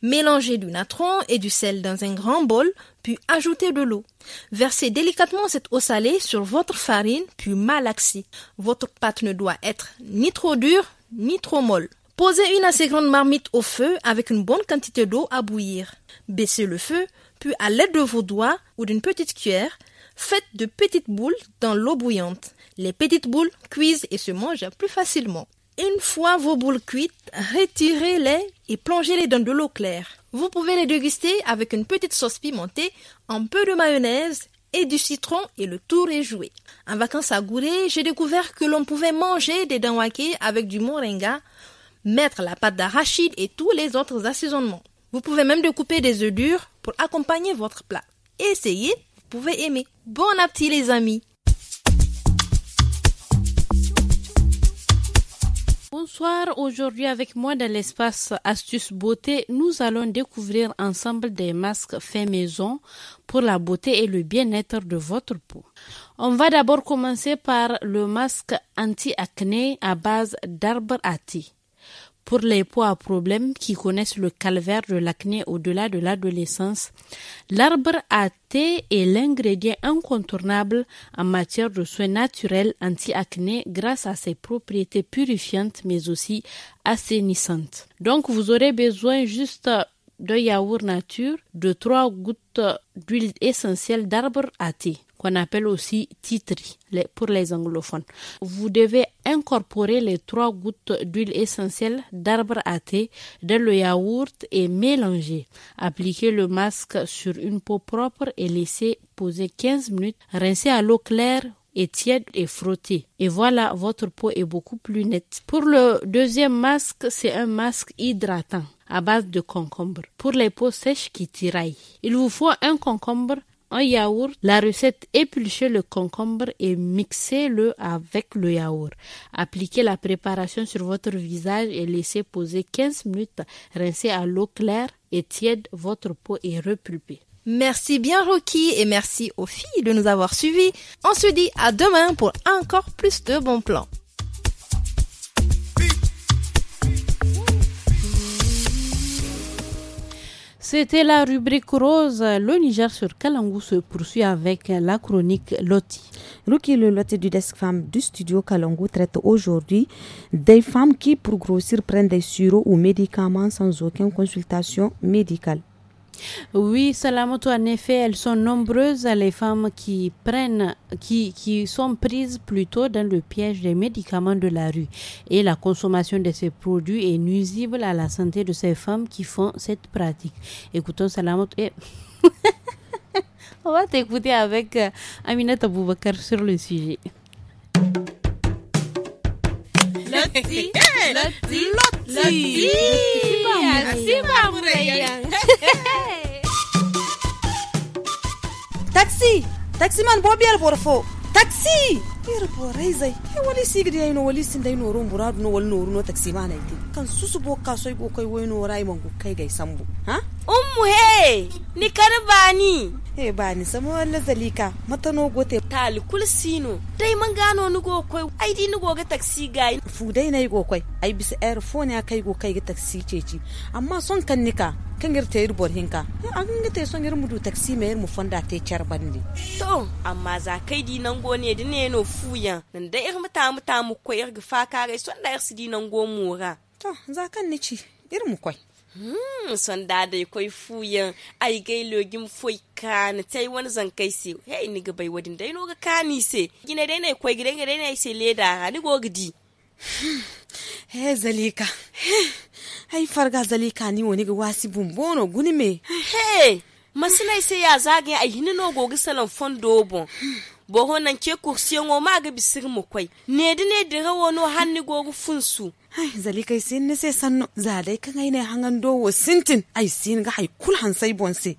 Mélangez du natron et du sel dans un grand bol, puis ajoutez de l'eau. Versez délicatement cette eau salée sur votre farine, puis malaxez. Votre pâte ne doit être ni trop dure, ni trop molle. Posez une assez grande marmite au feu avec une bonne quantité d'eau à bouillir. Baissez le feu, puis à l'aide de vos doigts ou d'une petite cuillère, faites de petites boules dans l'eau bouillante. Les petites boules cuisent et se mangent plus facilement. Une fois vos boules cuites, retirez-les et plongez-les dans de l'eau claire. Vous pouvez les déguster avec une petite sauce pimentée, un peu de mayonnaise et du citron et le tour est joué. En vacances à Gouré, j'ai découvert que l'on pouvait manger des danwakés avec du moringa, mettre la pâte d'arachide et tous les autres assaisonnements. Vous pouvez même découper des œufs durs pour accompagner votre plat. Essayez, vous pouvez aimer. Bon appétit les amis Bonsoir, aujourd'hui avec moi dans l'espace Astuce Beauté, nous allons découvrir ensemble des masques faits maison pour la beauté et le bien-être de votre peau. On va d'abord commencer par le masque anti-acné à base d'arbre à thé. Pour les poids à problème qui connaissent le calvaire de l'acné au-delà de l'adolescence, l'arbre à thé est l'ingrédient incontournable en matière de soins naturels anti-acné grâce à ses propriétés purifiantes mais aussi assainissantes. Donc vous aurez besoin juste de yaourt nature, de trois gouttes d'huile essentielle d'arbre à thé qu'on appelle aussi titri pour les anglophones. Vous devez incorporer les trois gouttes d'huile essentielle d'arbre à thé dans le yaourt et mélanger. Appliquez le masque sur une peau propre et laissez poser 15 minutes. Rincez à l'eau claire et tiède et frottez. Et voilà, votre peau est beaucoup plus nette. Pour le deuxième masque, c'est un masque hydratant à base de concombre. Pour les peaux sèches qui tiraillent, il vous faut un concombre en yaourt. La recette épluchez le concombre et mixez-le avec le yaourt. Appliquez la préparation sur votre visage et laissez poser 15 minutes. Rincez à l'eau claire et tiède votre peau et repulpez. Merci bien Rocky et merci aux filles de nous avoir suivis. On se dit à demain pour encore plus de bons plans. C'était la rubrique rose. Le Niger sur Kalangou se poursuit avec la chronique Loti. Ruki, le Loti du desk femme du studio Kalangou traite aujourd'hui des femmes qui, pour grossir, prennent des sureaux ou médicaments sans aucune consultation médicale. Oui, Salamoto, en effet, elles sont nombreuses les femmes qui prennent, qui, qui sont prises plutôt dans le piège des médicaments de la rue. Et la consommation de ces produits est nuisible à la santé de ces femmes qui font cette pratique. Écoutons Salamoto et... On va t'écouter avec euh, Aminata Boubacar sur le sujet. Loti. Loti. Loti. Así vamos, Taxi. Taxi man bo biyal gorfo. Taxi. irbo raizai he wali sigri ay no wali sinday no rum buradu no wal no no taksi mana ite kan susu bo ka soy bo koy woyno ray man ko kai gai sambu ha ummu he ni bani. he bani sama wala zalika mata no gote tali kul sino dai man gano ni go kai. ai di ni go ga taksi gai fu dai nay go koy ai bisa air phone ya kai go kai ga taksi ceci amma son kan nika kan girta yi bor hinka an ga te son yi mudu taksi me yir mu fonda te bandi. to amma za kai di nan go ne dine no fuyan nan mu ir tamu muta mu ko son dair ir sidi nan to za kan ni ci ir mu koi hmm son da dai koi fuyan ai gai login foi kana tai wani zan kai se hey ni ga bai wadin dai no ga kani se gina dai nai koi gidan se leda ni go gidi he zalika ai farga zalika ni woni ga wasi bumbono guni me he masina se ya zagaye a no gogi salon fon dobon boho nan ke kursiyango ma ga bisir mu kwai ne dine dira wono hanni gogu funsu ai zali kai sin ne sai sanno dai kan ai ne hangan wo sintin ai sin ga hai kul han sai bonse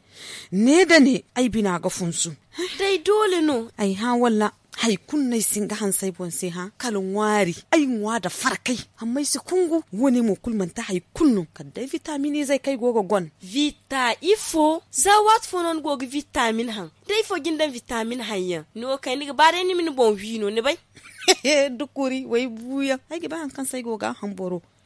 ne da ne ai bina ga funsu dai dole no ai ha walla haikun nai sin han sai bon sai ha kalun wari nwa da farkai amma su kungu wani mu kulmanta haikun ka kadda vitamini e zai kai gogo gon vita ifo za wat fonon gogo vitamin han dai fo gindan vitamin hanya no kai ni bare ni min bon wino ne bai dukuri wai buya ai ba han kan sai goga han boro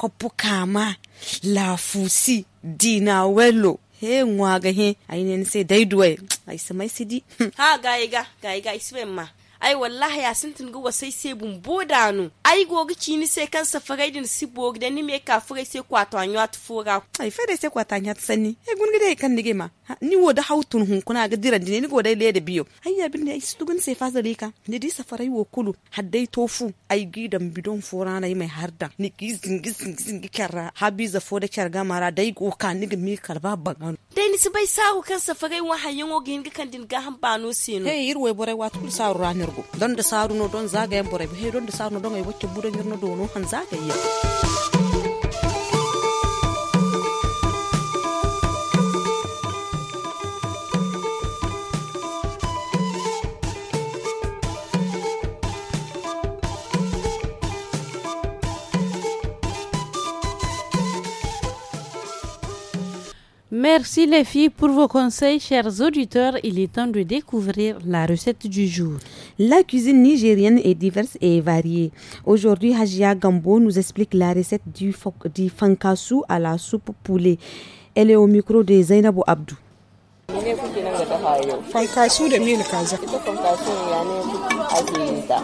kopukama lafusi dina welo he ngwaga he ne se daiduwe ai ha ga gaiga iswemma ai wallahi ya sintin wasai sai bumbo danu ai gogi ni sai kan safarai din si da ni me ka furai sai kwato anyo at fura ai fere sai kwato anyo at sani e gun gida kan dige ma ni wo da hautun hun kuna ga diran din ni go dai le da biyo ai ya bin da ai sugun sai fasa rika ni di safarai wo kulu haddai tofu ai gidan bidon fura nai mai harda ni gizin gizin gizin kikara habi za fo da kyar mara dai go ka ni ga mi karba bagan dai ni su bai kan safarai wa hanyen wo kan din ga han no sino hey irwe bore wa tu sa gorgo don saaruno saruno don zagayen borabi he don da saruno don ay wacce budan na dono han zagayen Merci les filles pour vos conseils, chers auditeurs. Il est temps de découvrir la recette du jour. La cuisine nigérienne est diverse et variée. Aujourd'hui, Hajia Gambo nous explique la recette du, du fankasu à la soupe poulet. Elle est au micro de Zainabou Abdou. ne kuke nan yau? Fankasu da mil kaza. Ita fankasun ya ne ake yin ta?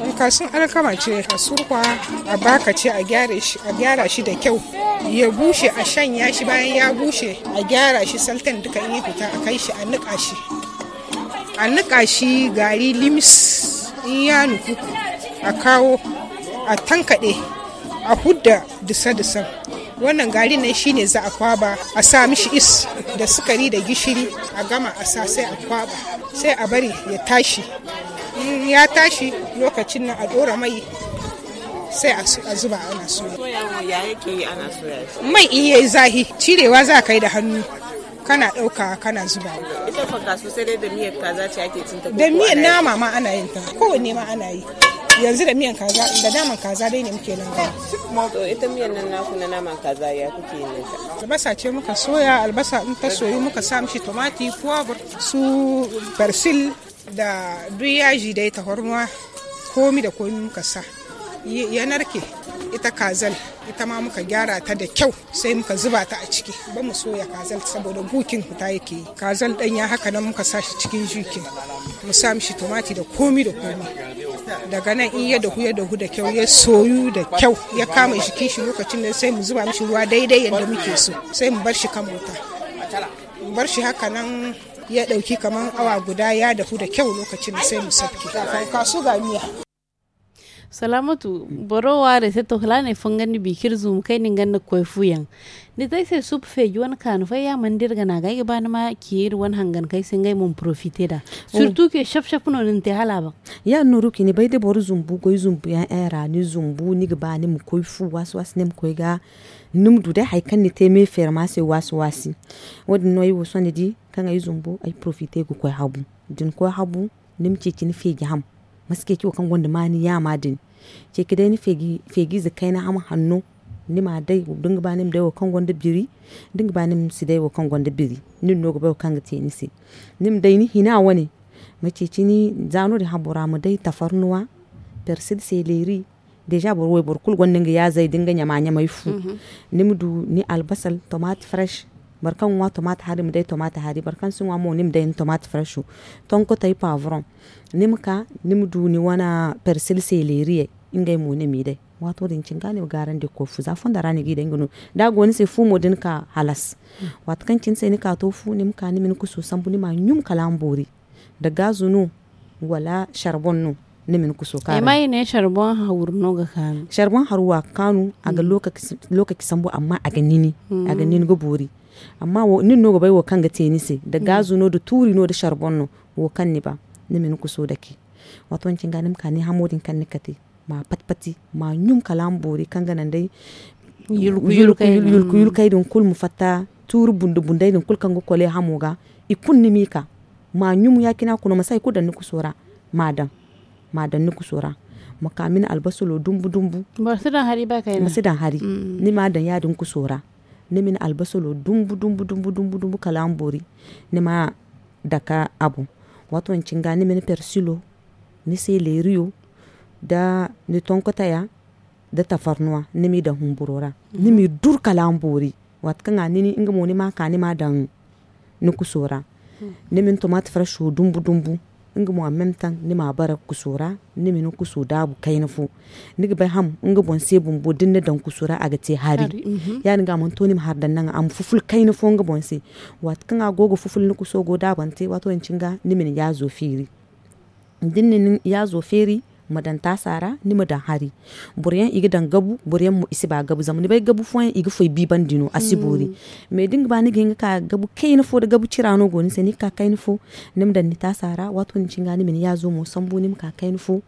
Fankasun alkama ce a surkwa a baka ce a gyara shi da kyau. ya bushe a shanya shi bayan ya bushe a gyara shi saltan duka in ya fita a kai shi a niƙa shi a niƙa shi gari limis in ya nufu a kawo a tankaɗe a hudda disa-disan wannan garin nan shine za a kwaba a sa mishi is da sukari da gishiri a gama a sa sai a kwaba sai a bari ya tashi ya tashi lokacin nan a dora mai sai a zuba ana soya mai iya zahi cirewa za kai da hannu kana ɗauka kana zuba. Ita fa kasu sai dai da miyar kaza ce ake cinta. Da miyar nama ma ana yin ta. Kowanne ma ana yi. yanzu da miyan kaza da naman kaza dai ne muke nan ga to ita miyan nan naku na naman kaza ya kuke ne albasa ce muka soya albasa in ta soyu muka sa mishi tomati poivre su persil da duk yaji dai ta hormuwa komi da komi muka sa ya narke ita kazal ita ma muka gyara ta da kyau sai muka zuba ta a ciki ba mu soya kazal saboda gukin ta yake yi kazal ɗanya haka nan muka sa shi cikin jikin mu sa mishi tomati da komi da komi daga nan in ya dahu ya dahu da kyau ya soyu da kyau ya kama jikin shi lokacin da sai mu zuba mishi ruwa daidai yadda muke so sai mu bar shi kan wuta mu bar shi haka nan ya ɗauki kamar awa guda ya dahu da kyau lokacin da sai mu sabke kasu miya salamatu boro ware se to hlane fangani bi kirzum kai ni ganna koy fuyan ni dai se sup fe yuan kan fa ya mandir gana ga ba ma kiyir wan hangan kai singai mun profite da surtout ke shaf-shaf no nte halaba ya nuru kini bai de boro zumbu koy zumbu ya era ni zumbu ni ga ni mu koy fu was was nem koy ga num du dai hay kan ni te me ferma ma se was wasi wadin noyi wo soni di kan ay zumbu ay profite ku koy habu din koy habu nim ci ni fe jaham maske ki kan gonda mani ya madin ce dai ni fegi fegi zi kaina ama hannu ni ma dai dunga ba nim dai wo kan gonda biri dunga ba nim si dai wo kan gonda biri nin no gobe kan gate ni si nim dai ni hina wani mace ci ni zanu da habura mu dai tafarnuwa persid seleri deja bor woy bor kul gonda ya zai dinga nyama nyama fu mhm. nim du ni albasal tomat fresh barkan wa tomate hari mu dai tomate hari barkan sun wa mu nim dai tomate fresh ton ko tai pavron nim ka nim du ni wana persil selerie inga mu ne mi dai wato din cin gane garan de kofu za fon da rani gida ingino da goni sai fu mo din ka halas wato kan cin se ni ka to fu nim ka ni min ku so sambu ni ma nyum kalan bori da gazunu wala sharbon nu ne min kuso kare mai ne sharbon haurno ga kanu sharbon haruwa kanu a ga mm. lokaci sambo amma a ga nini mm. a ga nini ga bori amma wo nin no bai wo kan ga tenisi, da gazu no da turi no da sharbon no wo kan ni ba ni min kuso da ke wato cin ganin ka ni hamodin kan ni kate ma patpati ma nyum kalam bori kan ga nan dai yulku yulku yulku don kul mu fatta turu bundu bundai don kul kan go kole hamoga ikun ni mika ma nyum ya kina kuno masai ko da ni kusora madan madan ni kusora makamin albasulo dumbu dumbu ba su hari ba kai na su hari ni madan ya dun kusora ne min albasolo dumbu dumbu dumbu dumbu dumbu kala bori ne ma daka abu n cinga ne min persilo ne sai leriyo da ne tonkota ya da tafarnuwa ne mi da humburora ne mi dur kala bori watu kanga ne ni ingamo ne ma ka ne ma dan ne kusora hmm. ne min tomate fresh dumbu dumbu ngi mo mem tan ni ma bara kusura ni minu kusu dabu kaina fu ni bai ham ngi bon se bun bo dinne dan kusura aga te hari mhm. ya ni ga mon toni ma har dan nan am fuful kaina fu ngi bon se wat kan agogo fuful ni kuso go da te wato en cinga ni min ya zo firi dinne ya zo firi madan tasara ni madan hari buryan igi dan gabu buryan mu isi ba gabu Zamu ni bai gabu foyan igi foi bi bandino asibori hmm. me ding ba ni ginga ka gabu kaina ni fo da gabu cirano goni sai ni ka kai ni fo ni dan ni tasara wato ni cinga ni min ya zo mu sambu ni ka kai ni fo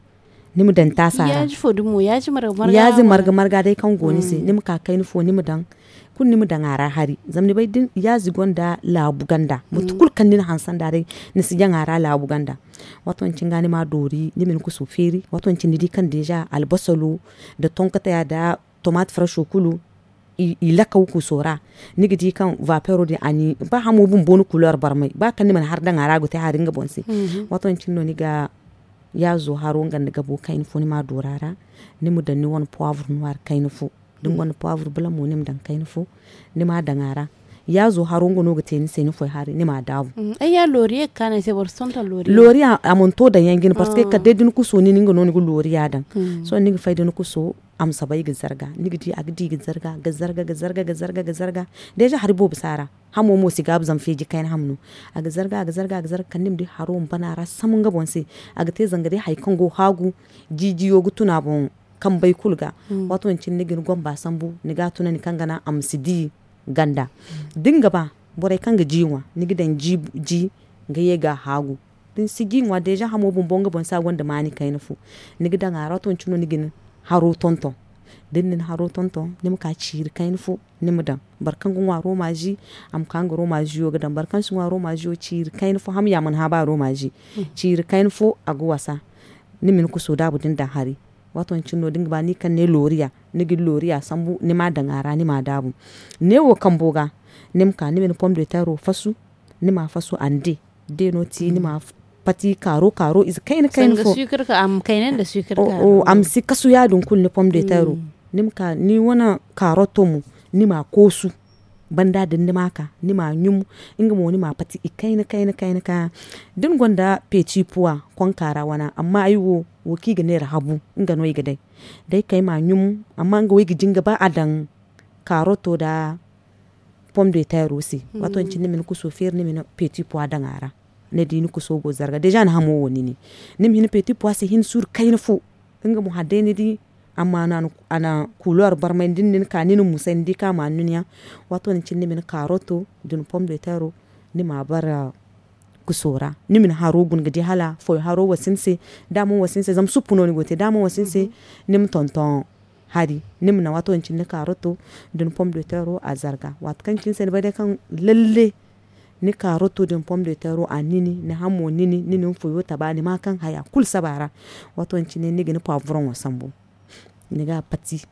ni dan tasara ya ji fo dumo ya ji marga marga ya ji marga marga dai kan goni sai hmm. ni ka kai ni fo nim dan kun mu da hari zamni bai din ya zigonda la buganda mutukul mm. kan din hansan dare ni si jangara la buganda wato cin gani ma dori ni min ku su feri wato cin didi kan deja albasalu da tonkata ya da tomate fresh kulu ila ka ku sora ni gidi kan vapero de ani ba hamu bun bonu couleur barmai ba kan man har dangara go ta haringa bonsi mm-hmm. wato cin no ga ya zo haro ganda gabo kain fo ni ma dorara ni mu da ni won poivre noir kain fo wani poivre bula mu nim dan kain fo nima dangara ya zo haro ngono ga teni seni foi hari nima dawo mm, ai ya lori ka na sai bor sonta lori lori a to da yangin ah. parce que ka dedin ku so ni ningo non ku lori ya dan mm. so ni ga faidin ku so am sabai ga zarga ni ga di a ga zarga ga zarga ga zarga ga zarga ga zarga deja haribo bisara hamu mo si gab zam feji kain hamnu ga zarga ga zarga ga zarga kandim di haro bana ra samun gabon a ga te zangare haikan go hagu jijiyo gutuna bon kan bai kulga mm. wato wancin nigin gon ba ni ga tuna ni kangana amsidi ganda dinga ba borai kanga jiwa gidan ji ji ye ga hagu din wa deja hamo bun bonga bon sa gonda mani gidan a rato chuno nigin haro tonton nin haro tonton nim ka ciri nufu ni mu dan barkan gun roma ji am kan roma ji yo gadan barkan sun roma ji yo ciri kai nufu ham yaman ha ba ro maji mm. ciri nufu a guwasa wasa min ku so da budin da hari watonci cin nodin ba ni kan ne loriya nigi loriya sambu ni ma dangara ni ma dabu ne wo kan boga nim ka ni min pom de taro fasu ni ma fasu ande de no ti ni ma pati karo karo is kain kain fo sukirka am kainan da sukirka o, o am si kasu ya dun kul ni pom de taro mm. nim ka ni wana karo tomu ni ma kosu banda da maka ni ma nyum inga mo ma pati i kaina kaina kaina ka din gonda peci puwa kon kara wana amma ayiwo, wo ki ga nera habu inga no iga dai dai kai ma nyum amma inga wo jinga ba adan karoto da pom de terre aussi mm -hmm. wato nci nimin ku so ni min peci puwa da ngara ne di ni ku so go zarga deja na hamo woni ni min peci puwa se hin sur kaina fu inga mo hadde ni di aman ana kuluwar bar mai dindin ka nini musa indi ka ma nuniya wato ni cin nimin karoto dun pom de tero ni ma bara ah, kusora min haro gun gidi hala foy haro wasinse damu wasinse zam supuno ni gote damu wasinse mhm. nim tonton hari ni min wato ni cin ni karoto dun pom de tero a zarga wat kan cin sen bade kan lalle ni karoto din pom de tero a nini ni hamo nini nini foyo tabani ma kan haya kul sabara wato ni cin ni gini pavron wasambo niga pati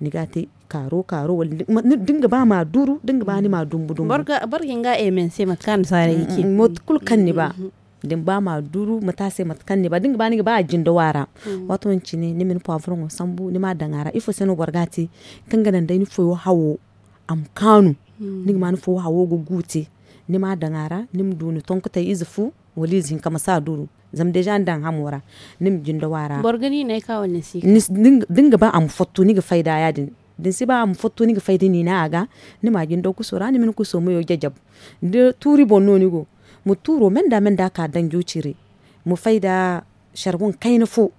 niga te karo karo wani dinga ba ma duru dinga ba ni ma dumbu dumbu barga bargin ga e men sai matkan sare yake mot kul kan ni ba mm-hmm. din ba ma duru mata sai matkan ni ba dinga ba ni ba jin da wara mm-hmm. wato wanci ne ni min pavron sambu ni ma dangara ifo seno kan ga nan dai ni fo hawo am kanu mm-hmm. ni ma ni fo hawo gute. ni ma dangara ni mu duni tonkuta izufu wali zin kama sa duru zam deja ndan hamora nim jinda wara borgani ne ka wani sika dinga ba am fotto ni ga faida ya din din si ba am fotto ni ga faida ni na aga ni ma jinda ku sora ni min ku so mu jajab de turi bonno ni go mu turo men da men da ka dan jucire mu faida shargun kaina fo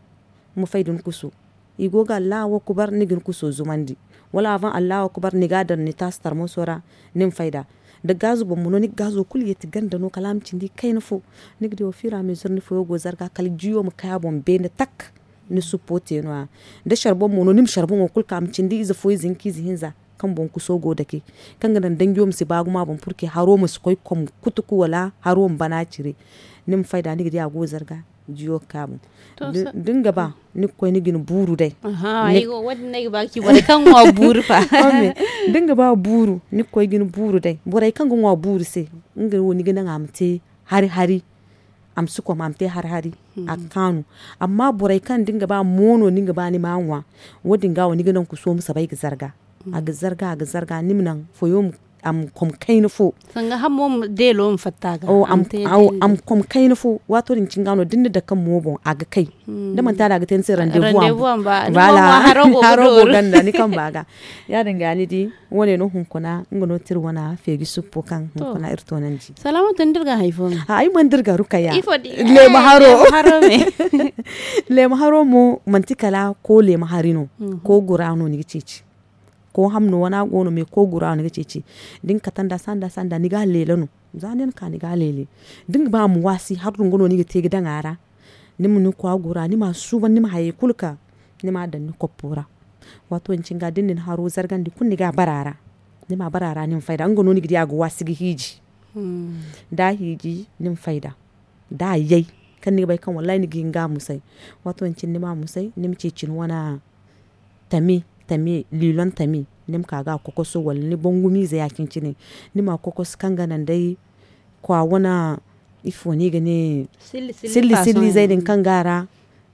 mu faidun ku so igoga lawo kubar nigin ku so zumandi wala avan allawa kubar nigadar ni tastar mu sora nim faida da gazu ba muno ni gazu kul yeti ganda no kalam cindi kayna fo nigdi o fira min zurni fo yogo zarga kal jiyo mu kaya bon bene tak ni supporte no da sharbon muno nim sharbon o kul kam cindi iza fo izin kizi hinza kan bon ku sogo da ke kan dangiyo mu si bagu ma bon purke haro mu su koy kom kutuku wala haro mu bana cire nim fayda nigdi ago zarga jiyo kamun dinga ba ni ko ni gini buru dai aha ai go ba ki kan wa buru fa dinga ba buru ni ko gini buru dai bore kan gon wa buru se ngir woni gin amte hari hari am su ko mamte har hari hmm. a kanu amma bore kan dinga ba mono dinga ba ni mawa wadin ga ni gina ku so musa bai zarga a hmm. zarga a zarga nimnan mu. am kom kaino fo sanga mom de lo fattaga o oh, am au am kom kaino fo wato din cingano dinda da kan mobo aga kai hmm. da man tara ga tensin rendezvous am ba wala harogo ganda ni kan baga ya dinga ni di wone no hun kuna ngono tir wana fegi suppo kan hun kuna irto nan ji salama tan dirga haifo ai man dirga rukaya le maharo haro me le maharo mo mantikala ko le maharino hmm. ko gurano ni cici ko hamnu wana gono me ko gura ni ce din tanda sanda sanda ni ga lelanu zanen ka ni ga lele din ba mu wasi har dun gono ni ga tege ara ni mu ni ko gura ni ma ban ni ma haye kulka ni ma dan ni kopura wato in ga din haro zargan di kun ni ga barara ni ma barara ni faida an gono ni ga ga wasi gi hiji hmm. da hiji ni faida da yayi kan ni bai kan wallahi ni ga musai wato in cin ni ma musai ni mu ce cin wana tami tami lilon tame nim kaga kokoso wal ni bongu mi za yakin cine nima kokos kanga nan dai kwa wana ifo ni gane silli silli, silli zaidin kangara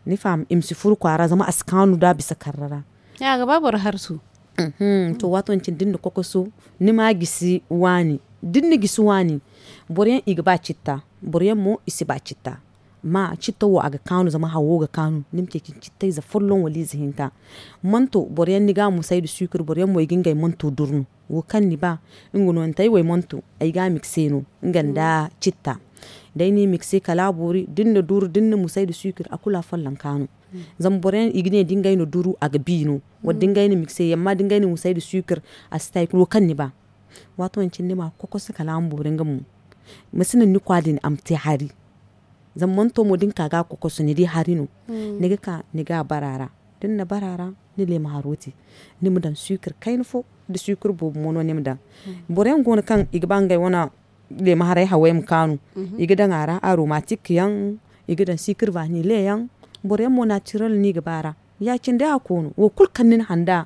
ni fam im imsi furu kwara zama askanu da bisa karrara ya ga babar harsu mm to wato cin din da kokoso ma gisi wani din ni gisi wani boryan igba ba citta boryan mo isi ba citta ma citta wo aga kanu zama hawo ga kanu nimke kin citta za fullon wali zihinta manto boryan ni ga mu sai da sukur boryan mo gingai manto durnu wo kan ni ba ingono ntai wai manto ai ga mixeno inganda citta dai ni mixe kala bori dinna duru dinna mu sai da sukur akula fallan kanu zam boryan igne dingai no duru aga bino wa dingai ni mixe yamma dingai ni mu sai da sukur astai wo kan ni ba wato wancin ni ma kokos kala amborin gamu musinin ni kwadin amti hari zaman to modin kaga ko kosu ne di harino ga mm. ka ga barara din na barara ni le maharoti ni mudan sukur kain fo da sukur bo mono ni mudan mm. boren gona kan ga wana le maharai hawai kanu mm-hmm. igidan ara aromatic yan sukur sikir ni le yan boren mo natural ni bara ya cin da kono wo kulkanin handa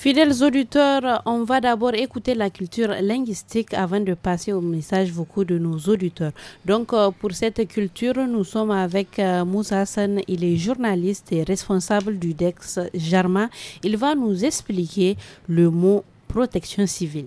Fidèles auditeurs, on va d'abord écouter la culture linguistique avant de passer au message vocaux de nos auditeurs. Donc, euh, pour cette culture, nous sommes avec euh, Moussa Hassan. Il est journaliste et responsable du DEX Jarma. Il va nous expliquer le mot protection civile.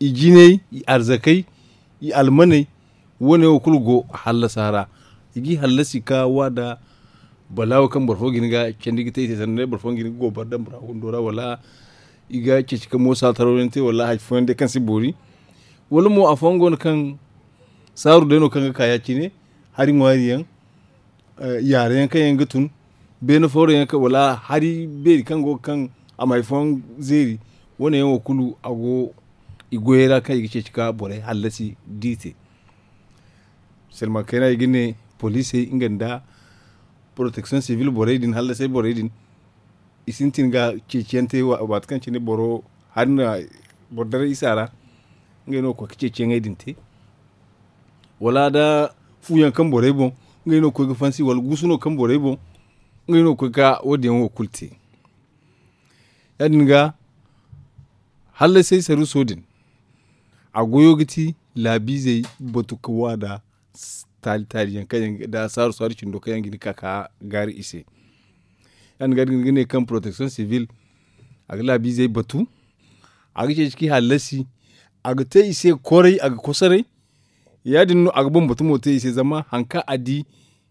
i jiney i arzakai i almanai wone wo kulu go halla sara igi halla sika wada balawo kan borfo gini ga kendigi te ite sanne borfo gini go bardan bra hundora wala iga ceci ka mosa tarorente wala haj fonde kan si bori wala mo afongon kan saru deno kan ka kaya hari ngwari yan eh, yare yan kan yan gutun beno foro yan ka wala hari beri kan go kan amai fon zeri wona yan wakulu ago igoyera kan igi cika bore halasi dite selma kena igine police inganda protection civil bore din hallase bore din isintin ga cecente wa kan cine boro hanna border isara ngeno ko cecen din te wala da fuyan kan bore bon ngeno ko fansi wal gusuno kan bore bon ngeno ko ka wodin wo kulte yadin ga hallase saru sodin agoyogiti labize botukuwa da tali tali yan kayan da saru saru cindo kayan gini kaka gari ise yan gari ne kan protection civil a labize batu a gice ciki halasi a ga ta ise korai a ga kusarai ya dinu a gaban batu mota ise zama hanka adi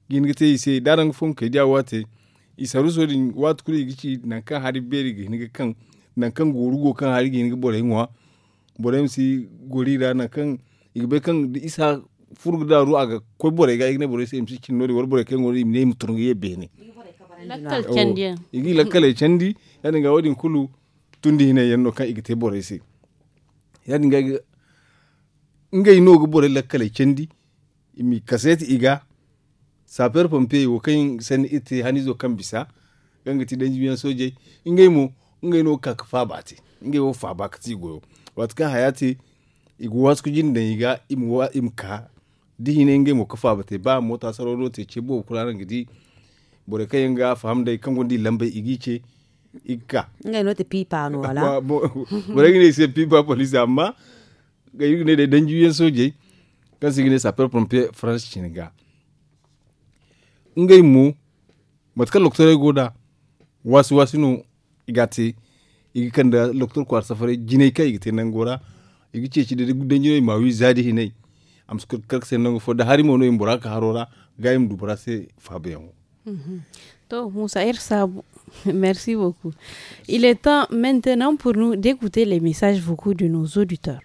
gini ta ise daran fon kai da wate isa ruso din wata kuri gici nan kan hari beri gini kan na kan gorugo kan hari gini ga bora wa. borem si da na kan igbe kan isa da ru aga ko bore ga igne bore si imsi kinori wor bore ken gori imne imturungu ye bene lakal chandi oh, igi lakkal chandi yani ga wodin kulu tundi ne yanno kan igite bore si yani ga nga ino go bore lakkal chandi imi kaseti iga saper pompe wo kan sen ite hanizo kan bisa ganga ti danji biyan soje ngai mu ngai no kak fa bate ngai wo fa bakati goyo watka hayati igu wasku jinda iga imwa imka dihine nge mo kafa bate ba mota saroro te ce bo kulana gidi bore kai nga faham dai kan gondi lambe igi ce ikka ngai no te pipa no wala bore ne se pipa police amma ga yugne da danjuyen soje kan sigine sapeur pompier france chinga ngai mu matkal loktore goda wasu wasinu igati igi kanda loktor kwar safare jinai kai igi tenan gora igi ce ci da gudan jinai ma wi zadi hinai am skur kak sen nango foda hari mono im buraka harora gaim du brase fabeyo -hmm. to musa ir sabu merci beaucoup il est temps maintenant pour nous d'écouter les messages beaucoup de nos auditeurs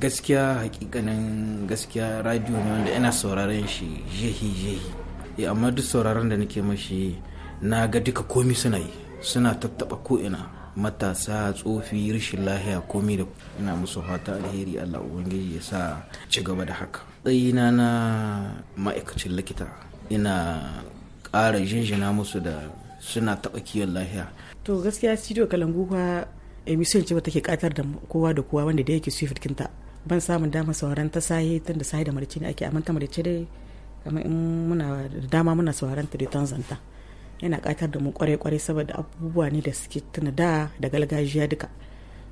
gaskiya hakikanin gaskiya radio ne wanda ina sauraron shi jehi jehi eh, amma duk sauraron da nake mashi na ga duka komi suna yi suna tattaba ko ina matasa tsofi rashin lahiya komi da ina musu fata alheri allah ubangiji ya sa ci gaba da haka tsayina na ma'aikacin likita ina ƙara jinjina musu da suna taɓa kiwon lahiya to gaskiya studio kalangu kuwa emission ce take katar da kowa da kowa wanda da yake swift kinta ban samun dama sauraron ta sahi tun da sahi da marci ne ake amanta marci dai kamar in muna da dama muna sauraron ta da zanta yana katar da mu kwarai kwarai saboda abubuwa ne da suke tuna da da gargajiya duka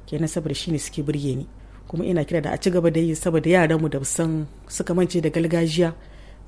kenan saboda shine suke burge ni kuma ina kira da a ci gaba da yi saboda yaran mu da san suka mance da gargajiya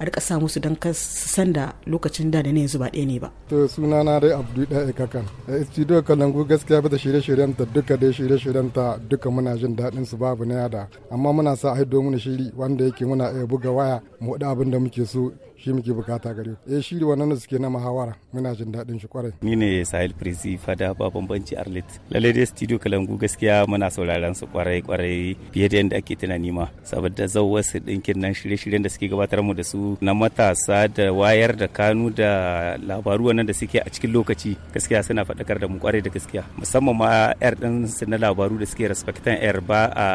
a rika sa musu don kas san da lokacin da da na ba ɗaya ne ba. to suna na dai abdu da ikakan eh, studio kalangu gaskiya bata shirye-shiryen ta duka dai shirye-shiryen ta duka muna jin daɗin su babu na yada amma muna sa a haido shiri wanda yake muna iya buga waya mu abin da muke so shi muke bukata gare ku eh shi wannan da suke na muhawara muna jin daɗin shi kwarai ni ne Sahil Prezi fada ba bambanci Arlet lalle dai studio Kalangu gaskiya muna sauraron su kwarai kwarai fiye da yadda ake tunani ma saboda zawar su dinkin nan shirye-shiryen da suke gabatar mu da su na matasa da wayar da kanu da labaru wannan da suke a cikin lokaci gaskiya suna faɗakar da mu kwarai da gaskiya musamman ma yar din su na labaru da suke respectan yar ba a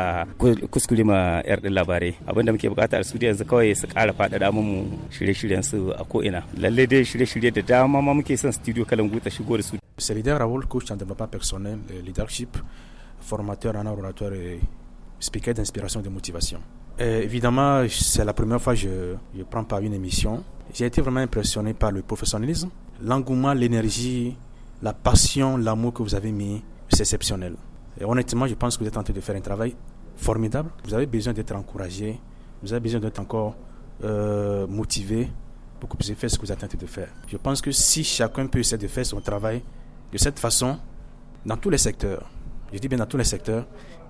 kuskure ma yar din labarai abinda muke bukata a studio yanzu kawai su ƙara faɗaɗa mu shirye C'est shiryen Raoul coach en développement personnel leadership formateur en laboratoire et speaker d'inspiration et de motivation euh, évidemment c'est la première fois que je, prends part une émission j'ai été vraiment impressionné par le professionnalisme l'engouement l'énergie la passion l'amour que vous avez mis c'est exceptionnel et honnêtement je pense que vous êtes en train de faire un travail formidable vous avez besoin d'être encouragé vous avez besoin d'être encore euh, motivé beaucoup plus vous ce que vous êtes de faire. Je pense que si chacun peut essayer de faire son travail de cette façon, dans tous les secteurs, je dis bien dans tous les secteurs,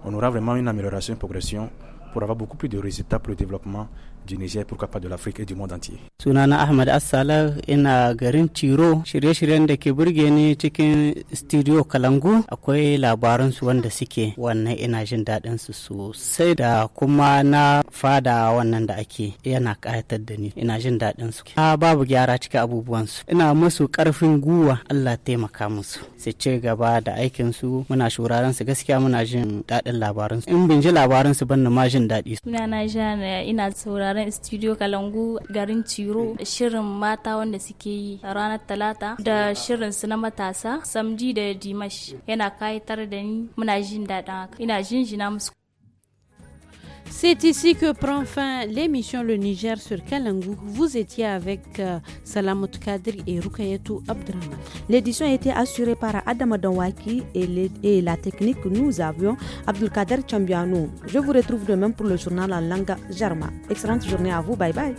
on aura vraiment une amélioration, une progression pour avoir beaucoup plus de résultats pour le développement du Niger, pourquoi pas de l'Afrique et du monde entier. Sunana Ahmad assala ina garin Ciro shirye-shiryen da ke burge ni cikin studio Kalangu akwai labaran su wanda suke wannan ina jin daɗin su sosai da kuma na fada wannan da ake yana ƙayatar da ni ina jin daɗin su. Na babu gyara cikin abubuwan su. Ina musu ƙarfin guwa Allah taimaka musu. Su ce gaba da aikin su muna shuraren su gaskiya muna jin daɗin labaran su. In bin ji labaran su ban ma jin daɗi. Sunana Jana ina sauraron taron studio kalangu garin ciro shirin mata wanda suke yi ranar talata da shirin su na matasa samji da dimash yana kayatar da ni muna jin daɗin haka ina jinjina musu C'est ici que prend fin l'émission Le Niger sur Kalangou. Vous étiez avec euh, Salamot Kadri et Rukayetou Abdram. L'édition a été assurée par Adam Adonwaki et, la technique nous avions Abdulkader Chambiano. Je vous retrouve demain pour le journal en langue jarma. Excellente journée à vous. Bye bye.